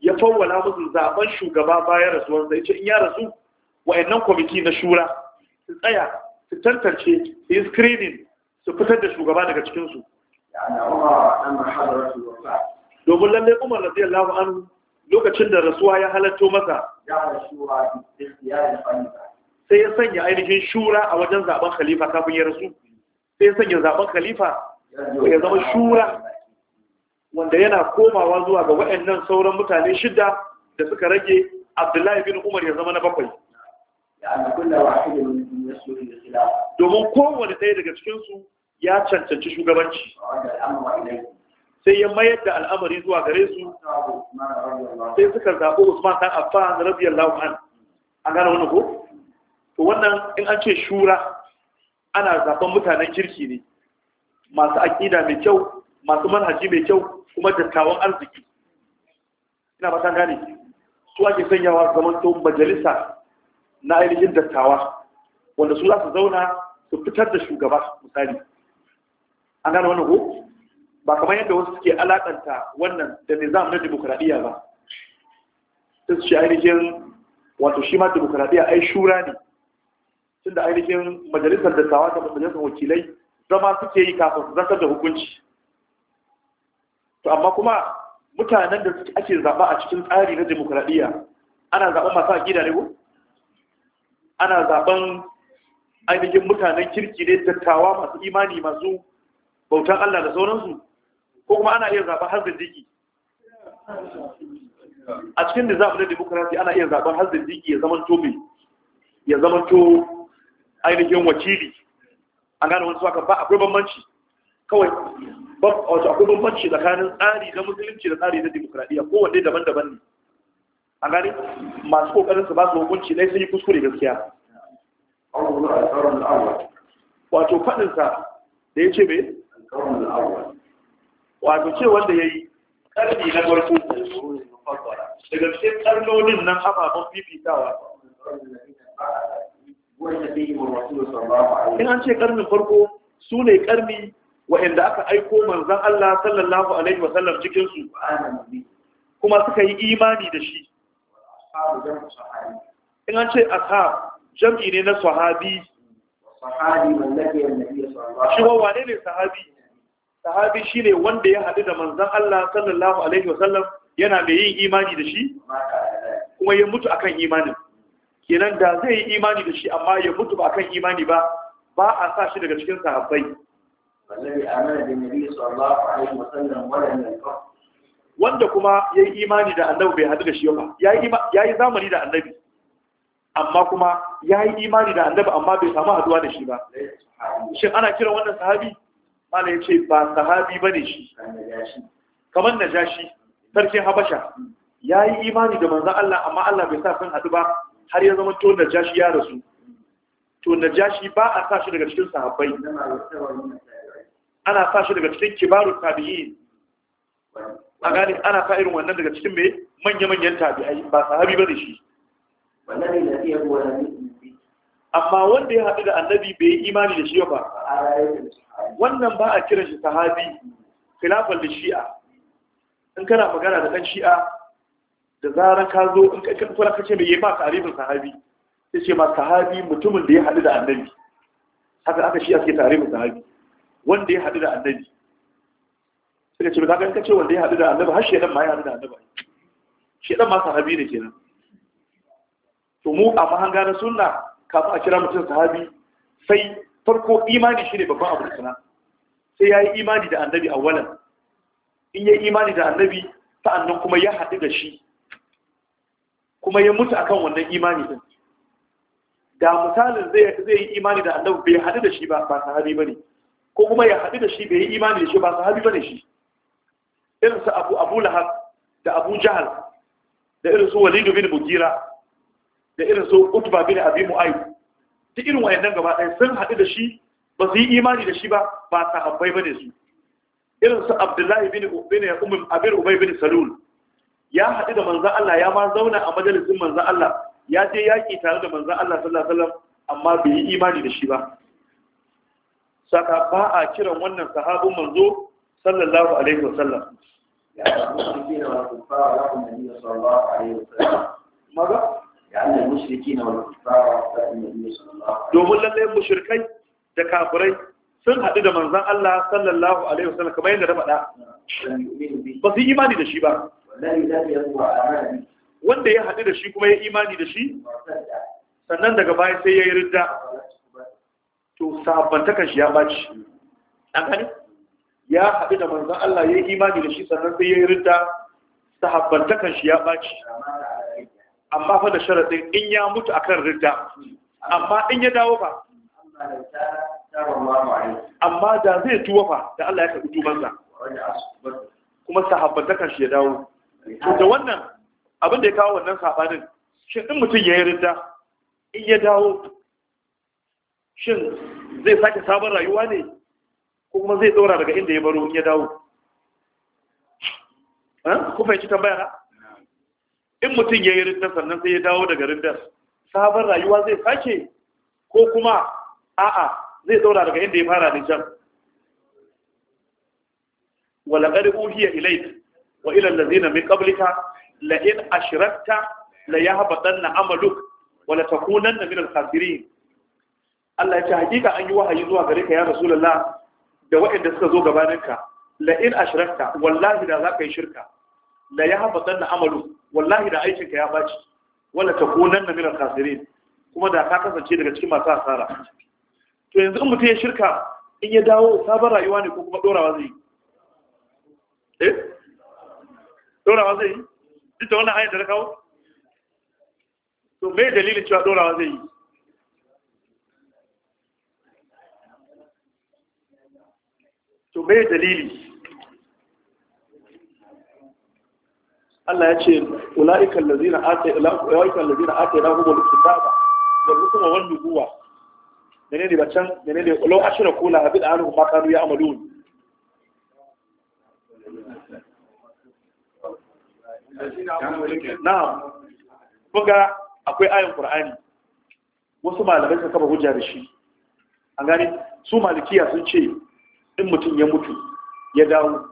ya fawwala musu zaɓen shugaba bayan rasuwar zai ce in ya rasu wa'annan kwamiti na shura su tsaya su tantance su yi screening su fitar da shugaba daga cikinsu. domin lalle, Umar radiyallahu an lokacin da rasuwa ya halatto masa sai ya sanya ainihin shura a wajen zaɓen khalifa kafin ya rasu sai ya sanya zaben khalifa ya zama shura wanda yana komawa zuwa ga waɗannan sauran mutane shida da suka rage abdullahi bin umar ya zama na bakwai domin kowane ɗaya daga cikinsu ya cancanci shugabanci sai ya mayar da al'amari zuwa gare su sai suka zaɓi usman ɗan na rabiyar an an gane wani ko to wannan in an ce shura ana zaben mutanen kirki ne masu aƙida mai kyau masu manhaji mai kyau kuma dattawan arziki ina ba ta gane su ake sanyawa zaman to majalisa na ainihin dattawa wanda su za su zauna su fitar da shugaba misali an gane wannan ko ba kamar yadda wasu suke alaƙanta wannan da nizam na demokradiyya ba sai su ce ainihin wato shi ma demokradiyya ai shura ne tunda ainihin majalisar dattawa ta majalisar wakilai zama suke yi kafin su zartar da hukunci to amma kuma mutanen da ake zaɓa a cikin tsari na demokradiyya ana zaɓen masu aƙida ne ko ana zaɓen ainihin mutanen kirki ne dattawa masu imani masu bautan Allah da sauransu ko kuma ana iya zaɓen har zindiki a cikin da zaɓen na demokrasi ana iya zaɓen har zindiki ya zama tobe ya zama to ainihin wakili an gane wani suwa ba akwai bambanci kawai wato akwai bambanci tsakanin tsari na musulunci da tsari na demokradiyya kowanne daban-daban ne a gani masu kokarin su ba su hukunci dai sun yi kuskure gaskiya wato faɗinsa da ya ce mai wato ce wanda ya yi ƙarfi na farko daga cikin ƙarnonin nan ababen fifitawa in an ce karnin farko su ne karni wa'anda aka aiko manzan Allah sallallahu alaihi wasallam cikinsu kuma suka yi imani da shi in an ce ashab jam'i ne na sahabi shi wa wane ne sahabi sahabi shi ne wanda ya haɗu da manzan Allah sallallahu alaihi wasallam yana mai yin imani da shi kuma ya mutu akan imanin kenan da zai yi imani da shi amma ya mutu ba kan imani ba ba a sa shi daga cikin sahabbai wanda kuma ya yi imani da annabi bai haɗu da shi ba ya yi zamani da annabi amma kuma ya yi imani da annabi amma bai samu haduwa da shi ba shin ana kiran wannan sahabi mana ya ce ba sahabi ba ne shi kamar na jashi sarkin habasha ya yi imani da manzan Allah amma Allah bai sa sun haɗu ba har ya zama tona najashi ya rasu to najashi ba a sashi daga cikin sahabbai ana sa shi daga cikin kibarun tabi'in a gani ana sa irin wannan daga cikin mai manya-manyan tabi'ai ba sahabi ba da shi amma wanda ya haɗu da annabi bai yi imani da shi ba wannan ba a kiran shi sahabi khilafan da shi'a in kana magana da ɗan shi'a da zarar ka zo in ka kula ka ce mai yi ba tarihin sahabi sai ce ma sahabi mutumin da ya haɗu da annabi haka aka shi ake tarihin sahabi wanda ya haɗu da annabi sai ka ce ka ga kace wanda ya haɗu da annabi har shedan ma ya haɗu da annabi shedan ma sahabi ne kenan to mu a mahanga na sunna kafin a kira mutum sahabi sai farko imani shine babban abu da sana sai ya yi imani da annabi a in ya yi imani da annabi sa'annan kuma ya haɗu da shi kuma ya mutu akan wannan imani din da misalin zai zai yi imani da Allah bai hadu da shi ba ba sahabi bane ko kuma ya hadu da shi bai yi imani da shi ba sahabi bane shi irin su Abu Abu Lahab da Abu Jahal da irin su Walid bin Mughira da irin su Utba bin Abi Mu'ayth duk irin wayannan gaba ɗaya sun hadu da shi ba su yi imani da shi ba ba sahabbai bane su irin su Abdullahi bin Ubay bin umm, Abir Ubay bin Salul ya haɗu da manzan Allah ya ma zauna a majalisin manzan Allah ya je yaƙi tare da manzan Allah sallallahu alaihi wasallam amma bai yi imani da shi ba saka ba a kiran wannan sahabin manzo sallallahu alaihi wasallam ya maga domin lallai mushrikai da kafirai sun haɗu da manzan Allah sallallahu alaihi wasallam kamar yadda na faɗa ba su yi imani da shi ba wanda ya haɗu da shi kuma ya imani da shi sannan daga bayan sai ya yi ridda to sabantakan shi ya baci an gani ya haɗu da manzan Allah ya yi imani da shi sannan sai ya yi ridda sahabbantakan shi ya baci amma fa da sharaɗin in ya mutu akan ridda amma in ya dawo ba amma da zai tuwa fa da Allah ya karɓi tubansa kuma sahabbantakan shi ya dawo to da wannan abin da ya kawo wannan sabanin shi in mutum ya yi rinda, in ya dawo shin zai sake sabon rayuwa ne ko kuma zai tsora daga inda ya baro in ya dawo eh, ku fahimci tambaya na in mutum ya yi rinda sannan sai ya dawo daga rindar. sabon rayuwa zai sake ko kuma a'a zai tsora daga inda ya fara ne wala walaƙar uhiya ilaik wa ilal ladzina min qablika la in ashrakta la yahbatanna amaluk wa la takunanna min al-khasirin Allah ya ce hakika an yi wahayi zuwa gare ka ya rasulullah da waɗanda suka zo gabaninka la in ashrakta wallahi da za ka yi shirka la yahbatanna amalu wallahi da aikinka ya ɓaci, wala takunanna min al-khasirin kuma da ka kasance daga cikin masu asara to yanzu in mutum ya shirka in ya dawo sabon rayuwa ne ko kuma dorawa zai eh dorawa zai yi duk da wannan ayat da na kawo to me dalilin cewa dorawa zai yi to me dalili Allah ya ce ula'ikan lazina atai ula'ikan lazina atai rahumul kitaba wal hukma wan nubuwa menene ba can menene law ashraku la da anhum ma kanu ne na'am kuga akwai ayin qur'ani wasu malamai suka kaba hujja da shi an gani su malikiya sun ce in mutum ya mutu ya dawo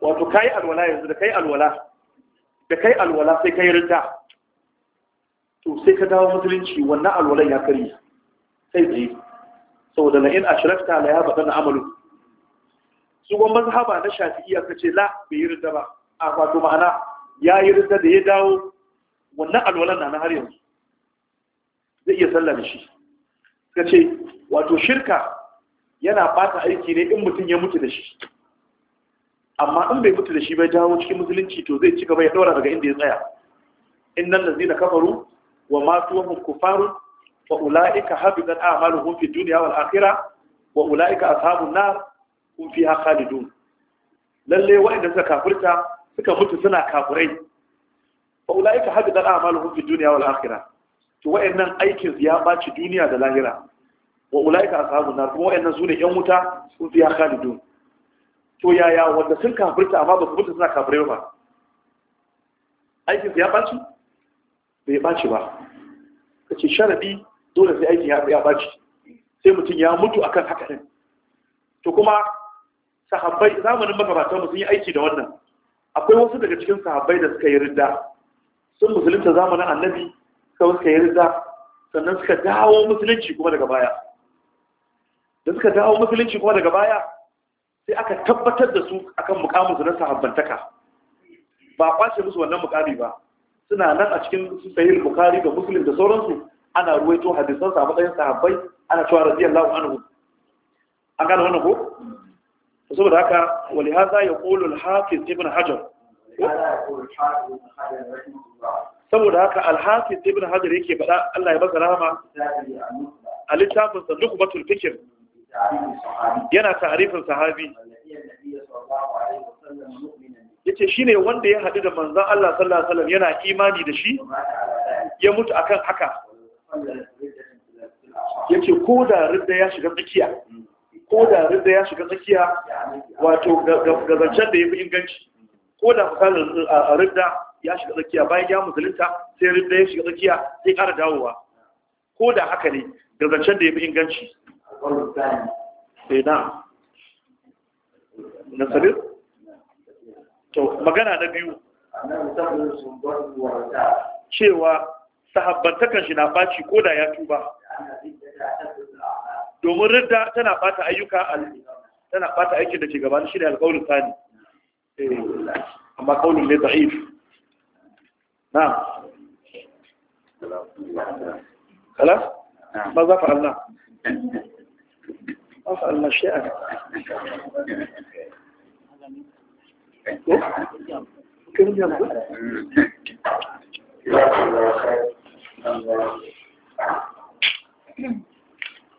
wato kai alwala yanzu da kai alwala da kai alwala sai kai rinta to sai ka dawo musulunci wannan alwalan ya kare sai tsaye saboda la in ashrafta la ya bada na amalu su gon mazhaba na shafi'iyya ka ce la bai rinta ba a kwato ma'ana ya yi rinda da ya dawo wannan alwalan na na har yanzu zai iya sallah da shi ka ce wato shirka yana bata aiki ne in mutum ya mutu da shi amma in bai mutu da shi bai dawo cikin musulunci to zai ci gaba ya daura daga inda ya tsaya In nan innal da kafaru wa masu wa kufarun wa ulaika habitat amalin hunfi duniya wal akhirah wa ulaika ashabun nar haƙa da khalidun lalle wa'inda suka kafurta suka mutu suna kafirai fa haɗu hadidat a'maluhum fid duniya wa lahira to wa'annan aikin ya baci duniya da lahira wa a ashabun na kuma su ne yan wuta sun fi kani dun to yaya wanda sun kafirta amma ba su mutu suna kafirai ba aikin ya baci bai baci ba Ka ce sharaɗi dole sai aikin ya baci sai mutum ya mutu akan haka ɗin to kuma sahabbai zamanin magabatan mu sun yi aiki da wannan akwai wasu daga cikin sahabbai da suka yi ridda sun musulunta zamanin annabi sai suka yi ridda sannan suka dawo musulunci kuma daga baya da suka dawo musulunci kuma daga baya sai aka tabbatar da su akan mukaminsu na sahabbantaka ba kwace musu wannan mukami ba suna nan a cikin sahih bukhari da muslim da sauransu ana ruwaito hadisan sa matsayin sahabbai ana cewa radiyallahu anhu an gane wannan ko saboda haka wali haza ya qulu Alhafi ibn hajar saboda haka Alhafi hafiz ibn hajar yake faɗa Allah ya baza rama a littafin sa batul fikir yana tarifin sahabi Ya ce shi ne wanda ya haɗu da manzan Allah sallallahu alaihi wasallam yana imani da shi ya mutu akan haka Ya ce ko da ridda ya shiga tsakiya ko da rinda ya shiga tsakiya wato ga zancen da ya fi inganci ko da misalin rinda ya shiga tsakiya bayan ya musulunta sai rinda ya shiga tsakiya sai ƙara dawowa ko da haka ne ga zancen da ya fi inganci sai eh, na magana na biyu cewa sahabbantakan shi na ɓaci ko da ya tuba domin rida tana bata ayyuka tana bata aikin da ke gabanin shi ne alƙawlin sani eh, amma ƙaunin ne da'if na kala? ma za fa na ma fa na shi'a ko? Thank you.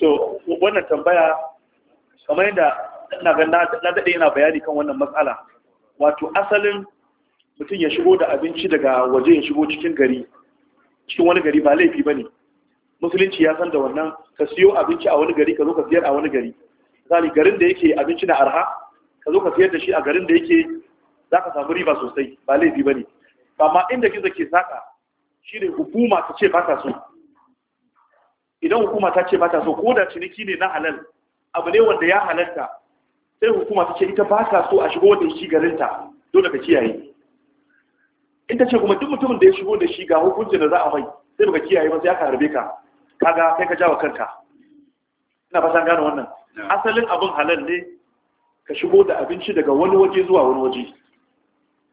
to wannan tambaya kamar yadda na ga na daɗe yana bayani kan wannan matsala wato asalin mutum ya shigo da abinci daga waje ya shigo cikin gari cikin wani gari ba laifi ba ne musulunci ya san da wannan ka siyo abinci a wani gari ka zo ka siyar a wani gari zani garin da yake abinci na arha ka zo ka siyar da shi a garin da yake za ka samu riba sosai ba laifi ba ne amma inda gizo ke saka shi ne hukuma ta ce ba ta so idan hukuma ta ce ba ta so ko da ciniki ne na halal abu ne wanda ya halarta sai hukuma ta ce ita ba ta so a shigo da shi garinta dole ka kiyaye in ta ce kuma duk mutumin da ya shigo da shi ga hukuncin da za a mai sai ka kiyaye ba sai ya harbe ka kaga kai ka jawo kanka ina san gane wannan asalin abin halal ne ka shigo da abinci daga wani waje zuwa wani waje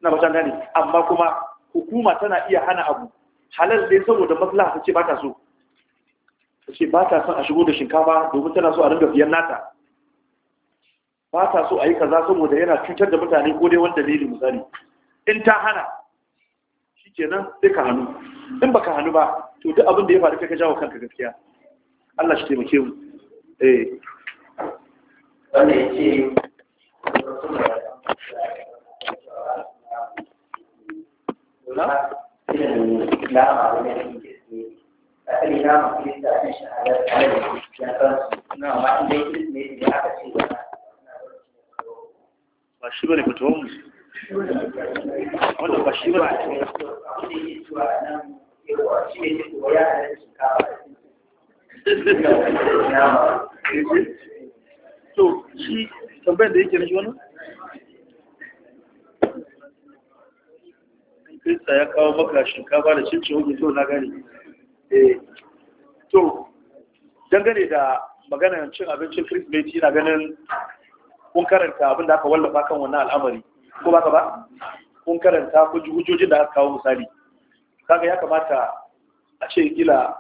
ina san gane amma kuma hukuma tana iya hana abu halal dai saboda maslaha ta ce ba ta so ta ce ba ta son a shigo da shinkafa domin tana so a ringa biyan nata ba ta so a yi kaza saboda yana cutar da mutane ko dai wanda lili misali in ta hana shi kenan sai ka hannu in ba ka hannu ba to duk abin da ya faru kai ka jawo kanka gaskiya Allah shi taimake mu eh wanda yake na islama da na yi da su ne a kan ina a shahadar da ya yi ya kansu na ma ne da ka ne ba shi ba ne ne ba shi ba ne ne ba *laughs* shi ba ne ne ba shi ba ne kirista ya kawo maka shinkafa da cin ciwo to na gani eh to dangane da maganar cin abincin kirsimeti na ganin kun karanta abin da aka wallafa kan wannan al'amari ko baka ba kun karanta hujjojin da aka kawo misali kaga ya kamata a ce kila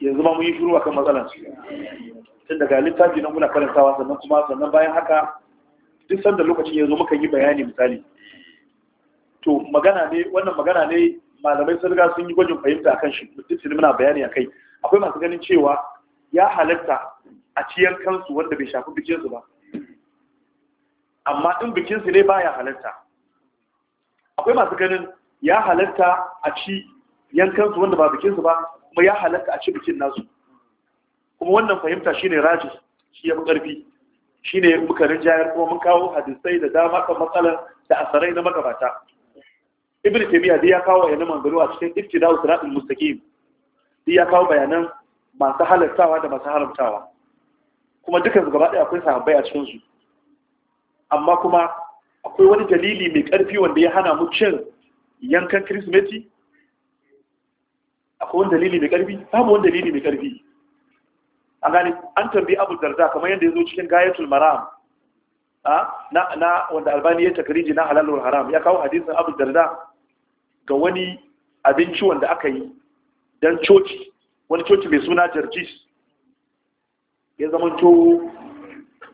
yanzu ma mun yi shuru akan matsalar su tun daga littafi nan muna karantawa sannan kuma sannan bayan haka duk sanda lokacin yanzu muka yi bayani misali to magana ne wannan magana ne malamai sun riga sun yi gwajin fahimta akan shi mutum muna bayani akai akwai masu ganin cewa ya halatta a ciyar kansu wanda bai shafi bikinsu ba amma bikin bikinsu ne baya halatta akwai masu ganin ya halatta a ci kansu wanda ba bikinsu ba kuma ya halatta a ci bikin nasu kuma wannan fahimta shine rajis, shi ya fi ƙarfi shine muka rinjayar kuma mun kawo hadisai da dama kan matsalar da asarai na magabata ibn taymiya dai ya kawo bayanan manzaro a cikin ibtida'u siratul mustaqim dai ya kawo bayanan masu halartawa da masu haramtawa kuma dukkan su gaba ɗaya akwai sahabbai a cikin su amma kuma akwai wani dalili mai ƙarfi wanda ya hana mu cin yankan kirismeti akwai wani dalili mai ƙarfi babu wani dalili mai ƙarfi an gane an tambayi abu darda kamar yadda ya zo cikin gayatul maram na na wanda albani ya takriji na halal haram ya kawo hadisin abu darda ga wani abinci wanda aka yi dan coci wani coci mai suna jarjis ya zama to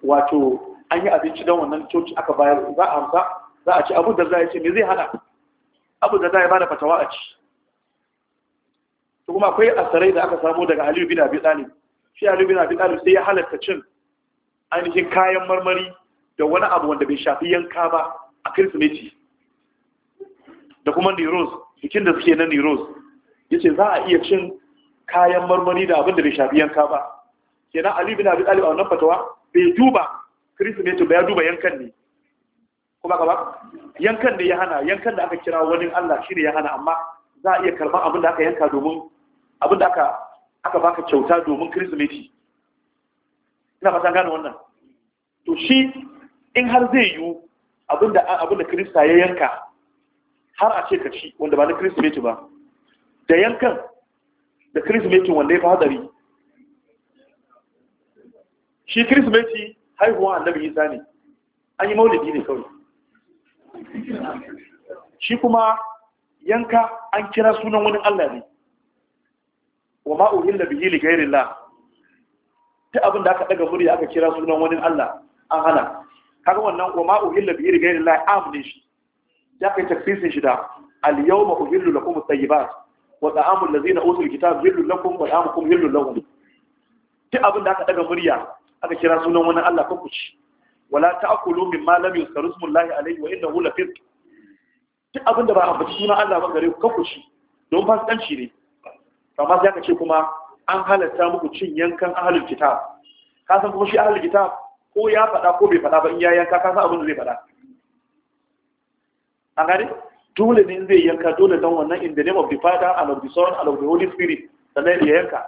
wato an yi abinci don wannan coci aka bayar za a amsa za a ci abu darda ya ce mai zai hana abu darda ya bada fatawa a ci to kuma akwai asarai da aka samu daga Aliyu bin Abi Talib shi Aliyu bin Abi Talib sai ya halatta cin ainihin kayan marmari da wani abu wanda bai shafi yanka ba a kirsimeti da kuma neros bikin da suke na neros ya ce za a iya cin kayan marmari da abin da bai shafi yanka ba kenan ali bin abi talib a wannan fatawa bai duba kirsimeti ba ya duba yankan ne kuma kaba yankan da ya hana yankan da aka kira wani allah shi ne ya hana amma za a iya karɓar abin da aka yanka domin abin da aka baka kyauta domin kirsimeti ina fata gane wannan to shi in har zai yiwu abinda abinda Krista ya yanka har a ce ka ci wanda ba na Kirsimeti ba da yankan da Kirsimeti wanda ya fi hadari shi Kirsimeti haihuwa annabi Isa ne an yi maulidi ne kawai shi kuma yanka an kira sunan wani Allah ne wa ma'uhin da bihi ligairin la ta abin da aka daga murya aka kira sunan wani Allah an hana kaga wannan wa ma uhilla bi irga lillahi amne shi ya kai tafsirin shi da al yawma uhillu lakum at-tayyibat wa ta'amul ladzina utul kitab hillu lakum wa ta'amukum hillu lahum duk abin da aka daga murya aka kira sunan wani Allah ku ci wala ta'kulu mimma lam yuzkar ismullahi alayhi wa innahu lafisq duk abin da ba a ambaci sunan Allah ba gare ku ku ci don fasikanci ne amma sai aka ce kuma an halatta muku cin yankan ahlul kitab ka san kuma shi ahlul kitab ko ya faɗa ko bai faɗa ba in ya yanka ka san abin da zai faɗa an gani dole ne zai yanka dole dan wannan in the name of the father and of the son and of the holy spirit sannan ya yanka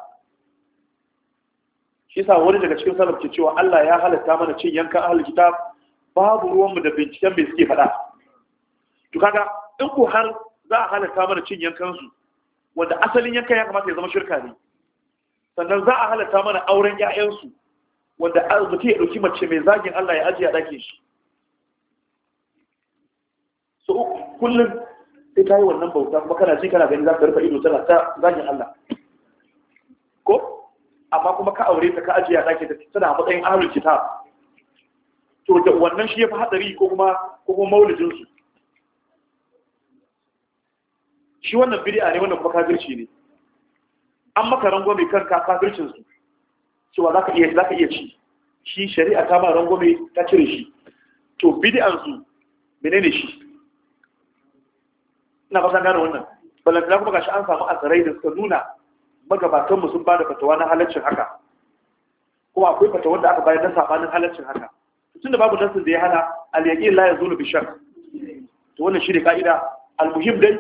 shi sa wani daga cikin salaf ke cewa Allah ya halatta mana cin yankan ahlul kitab babu ruwanmu da binciken mai suke faɗa to kaga in ko har za a halatta mana cin yankan su wanda asalin yankan ya kamata ya zama shirka ne sannan za a halatta mana auren 'ya'yansu wanda arziki ya ɗauki mace mai zagin Allah ya ajiye a ɗakin shi so kullum sai ta yi wannan bauta kuma kana ji kana gani za ka rufe ido tana ta zagin Allah ko amma kuma ka aure ta ka ajiye a ɗakin ta tana matsayin ahlul ta. to da wannan shi ya fi haɗari ko kuma ko kuma su shi wannan bidi'a ne wannan kuma kafirci ne an maka rangwame kan kafircin su cewa za ka iya ci shi shari'a ta ba rangwame ta cire shi to bid'ansu menene shi ina ba san gane wannan balantana kuma gashi an samu asarai da suka nuna magabatanmu sun bada fatawa na halaccin haka kuma akwai fatawar da aka bayar na sabanin halaccin haka tun da babu nasin da ya hana al la yazulu bi to wannan shi ne ka'ida al'muhim dai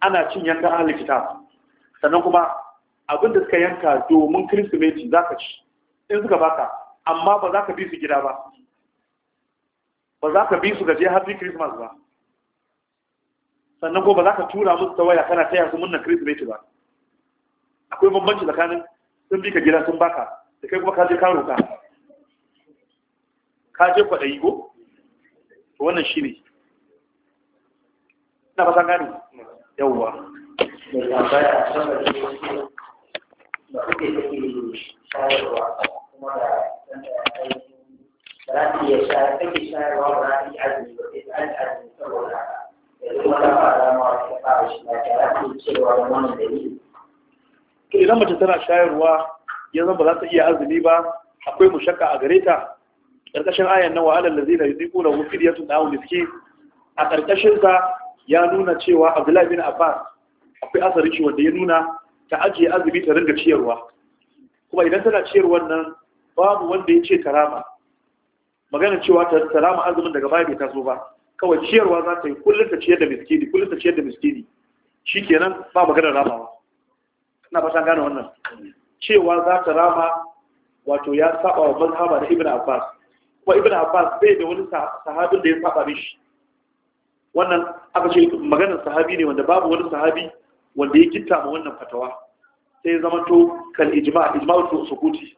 ana cin yanka ahlul kitab sannan kuma abin da suka yanka domin kirsimeti za ka ci in suka baka amma ba za ka bi su gida ba ba za ka bi su gaje happy christmas ba sannan ko ba za ka tura musu ta waya kana taya su munnan kirsimeti ba akwai bambanci tsakanin sun bi ka gida sun baka da kai kuma ka je ka roka ka je kwaɗayi ko to wannan shi ne na san gani yawwa da you. da kuke take shayarwa kuma da da za ta iya shayar take shayarwa ba za ta yi azumi ba sai ta yi azumi saboda haka da kuma ta fara ma ta fara shi ba ta za cewa da wannan dalili. to idan mace tana shayarwa ya zama ba za ta iya azumi ba akwai mushakka a gare ta ƙarƙashin ayan nan wa'alar da zai da yi kuna wufir ya tuna awon miski a ƙarƙashin ya nuna cewa abdullahi bin abbas akwai asarin shi wanda ya nuna ta ajiye azumi ta ringa ciyarwa kuma idan tana ciyarwar nan babu wanda ya ce karama magana cewa ta salama azumin daga baya bai taso ba kawai ciyarwa za ta yi kullum ta ciyar da miskini kullum ta ciyar da miskini shikenan ba magana ramawa ina fata gane wannan cewa za ta rama wato ya saba wa mazhaba da ibn abbas kuma ibn abbas bai da wani sahabin da ya saba mishi wannan aka ce maganar sahabi ne wanda babu wani sahabi wanda ya kinta ma wannan fatawa sai ya zama to kan ijma ijma to sukuti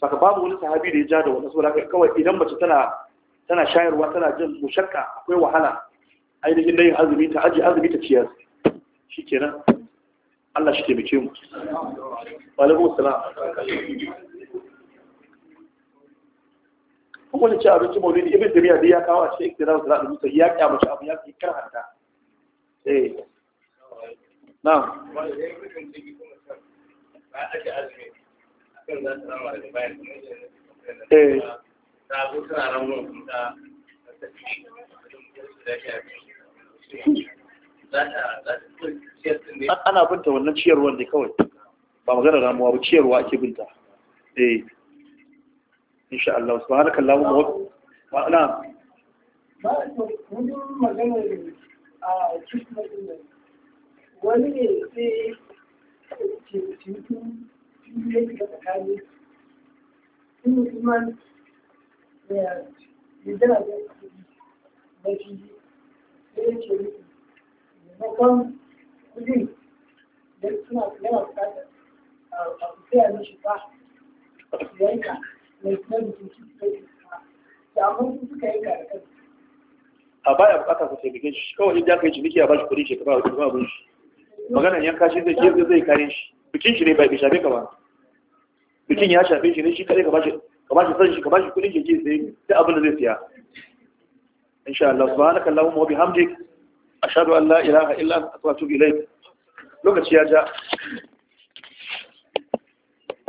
saka babu wani sahabi da ya ja da wannan saboda kawai idan mace tana tana shayarwa tana jin mushakka akwai wahala ainihin dai azumi ta aji azumi ta ciyar shikenan Allah shi taimake mu wa alaikum assalam kuma wani ci abinci maulidi ibn jami'a dai ya kawo a cikin iktidar da za'a ya kyamace abu ya fi karhanta eh Eh. ana binta wannan ciyarwar ne kawai ba magana ramuwa ba ciyarwa ake binta eh insha Allah subhanaka Allahumma wa ma'ana ba to mun magana a ah, cikin wani ne sai ce ce mutum shi ne shiga tsakani in musulman ya jira da na shi sai ya ce mutum maimakon kudin da suna yana bukatar a kusa mishi ba yanka mai kuma mutum shi suka yi da amma su suka yanka da kansu a baya bukatar ku taimake shi kawai in da aka yi ciniki a bashi kuɗi shekara a kuma abin shi Magana yanka shi zai je zai kare shi bikin shi ne bai shafe ka ba bikin ya shafe shi ne shi kare ka bashi ka bashi san shi ka bashi kudin shi sai sai abin da zai siya insha Allah subhanaka allahumma wa bihamdik ashhadu an la ilaha illa anta astaghfiruka wa atubu ilayk lokaci ya ja